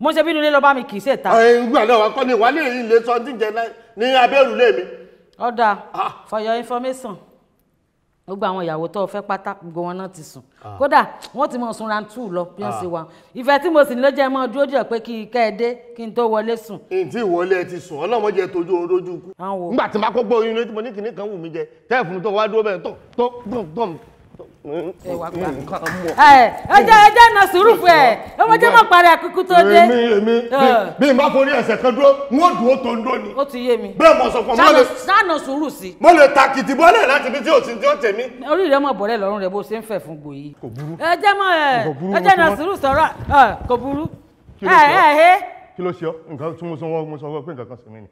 mo ṣe bínú ilé lọ bá mi kì í ṣèta. ìgbà náà wà kọ́ni wà ní ilé sọ jíjẹ ní abẹ́rù lé mi. ọ̀dà ah. for your information gbogbo àwọn ìyàwó tó fẹ́ pátá gbogbo wọn náà ti sùn ah. kódà wọ́n ti mọ̀ sunra tù lọ bí wọ́n ah. ṣe wà ìfẹ́ tí mo sì ní ló jẹ́ mọ́ dúró jẹ́ pé kí n kẹ́ ẹ dé kí n tó wọlé sùn. ǹtí ìwọlé ẹ ti sùn ọlọ́mọdé tójú oró ojú kú. nígbà tí n bá kọ́kọ́ oyún létí mo ní kinní kan wù mí jẹ tẹ́ẹ̀fù tó wá dúró bẹ́ẹ̀ tó tó tó ẹ jẹ́ ẹ jẹ́ na sùúrù fún ẹ ẹ wọ́n jẹ́ mọ̀ parẹ́ àkókò tó dé. èmi èmi bí n bá forí ẹsẹ̀ kan dúró n ó dùn ó tó ń dó ni. ó ti yé mi bẹ́ẹ̀ mo sọ fún ọ. sáànà sùúrù sí. mo lè ta kìtì bọ́lẹ̀ láti fi tí òsì tí ó tèmi. orí rẹ mọ bọ̀rẹ̀ lọ́rùn rẹ bó ṣe ń fẹ̀ fún gbòòyì. kò burú ẹ jẹ́ mọ ẹ jẹ́ na sùúrù sọ̀rọ̀ kò burú. kí ló ṣe ọ nǹkan tí mo sọ wọ́n mo sọ wọ́n pé nǹkan kan sì mí ni.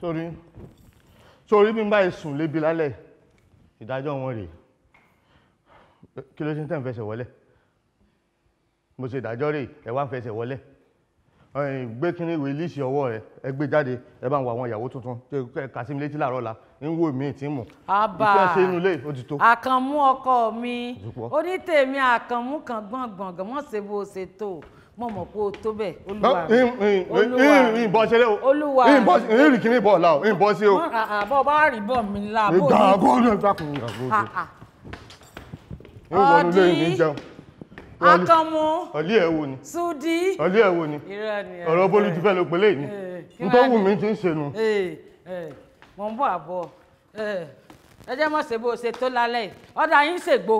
sórí sórí bí n bá yẹ sùn lébi lálẹ́ yìí ìdájọ́ wọn rèé kí ló ṣe ń tẹ̀ ń fẹsẹ̀ wọlé mo ṣe ìdájọ́ rèé ẹ wá ń fẹsẹ̀ wọlé gbé kí ní ìwé líṣì ọwọ́ rẹ ẹ jáde ẹ bá ń ìyàwó tuntun ẹ kà sí mi létí láàárọ̀ la ń wo mi tí mù ìfẹ́ ṣe inú ilé ó ti tó. àkànmú ọkọ mi onítèmi àkànmú kan gbọ̀ngbọ̀ngàn mọ̀ ṣe bó ṣe tó mo mọ̀ pé o tó bẹ̀ olúwa ìbọn ṣeré o olúwa ìrìn kìíní bọ̀ ọ̀la o ìbọn sí o. àbọ̀ bá rí bọ̀ mi la bó ní. ìgbà àbọ̀ ní ìgbà kò ní ìgbà kò ní. ọdí akanmu ọlí ẹ wo ni sudi ọlí ẹ wo ni ọ̀rọ̀ bólújú fẹ́ ló pé lé ní nítorí wù mí ti ń ṣe nu. Eh, eh, mo ń bọ̀ àbọ̀ eh, ẹ jẹ́ mọ̀ ṣe bó ṣe tó lálẹ́ ọ̀dà yín ṣègbò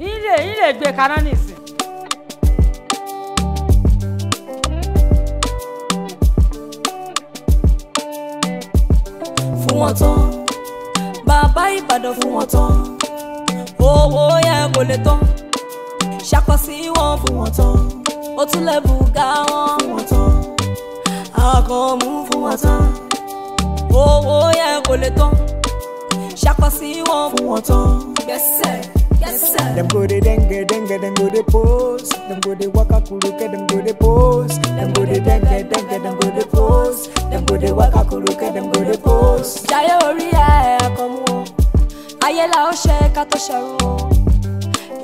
yín lè gbé kaná nìsín. wọn tán bàbá ìbàdàn fún wọn tán owó yẹn kò lè tán ṣàkọsí wọn fún wọn tán ó tún lè bùgá wọn fún wọn tán àkànmú fún wọn tán owó yẹn kò lè tán ṣàkọsí wọn fún wọn tán gbèsè. Them go they dengue dengue, them go they pose. Them go they waka kuluke them go they pose. Them go they dengue dengue, them go they pose. Them go they waka kuluke them go they pose. Jaya ori e, ya àkànmú, ayé la ó ṣe ká tó ṣẹrun o.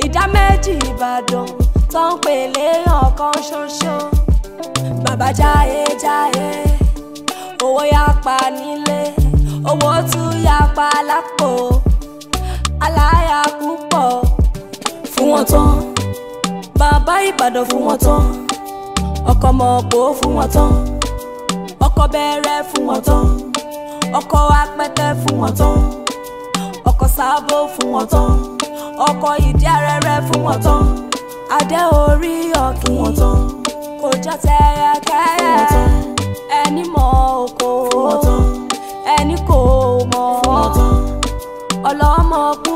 Ìdá méjì Ìbàdàn tó ń owo léèyàn kan ṣoṣo. Bàbá Jaiye Jaiye, owó yapa aláya púpọ̀. fún wọn tán bàbá ìbàdàn fún wọn tán ọkọ mọ̀ọ́bò fún wọn tán ọkọ bẹ̀rẹ̀ fún wọn tán ọkọ apẹtẹ fún wọn tán ọkọ sábò fún wọn tán ọkọ ìdí arẹrẹ fún wọn tán adé orí ọ̀kìn wọn tán kò já tẹyẹkẹyẹ ẹni mọ̀ oko ẹni kò mọ̀ ọlọ́mọ kò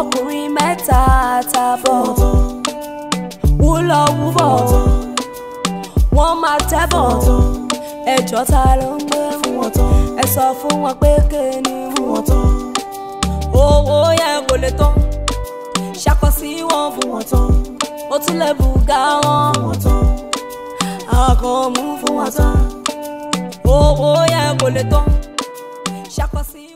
ọkùnrin mẹ́ta àtàbọ̀ wú lọ wú bọ̀ wọ́n máa tẹ́bọ̀ ẹjọ́ ta ló ń gbé ẹ sọ fún wọn pé kéènì mú owó yẹn kò lè tán ṣàkọsí wọn fún wọn tán ó tún lè bùgá wọn àwọn kan mú fún wọn tán owó yẹn kò lè tán ṣàkọsí.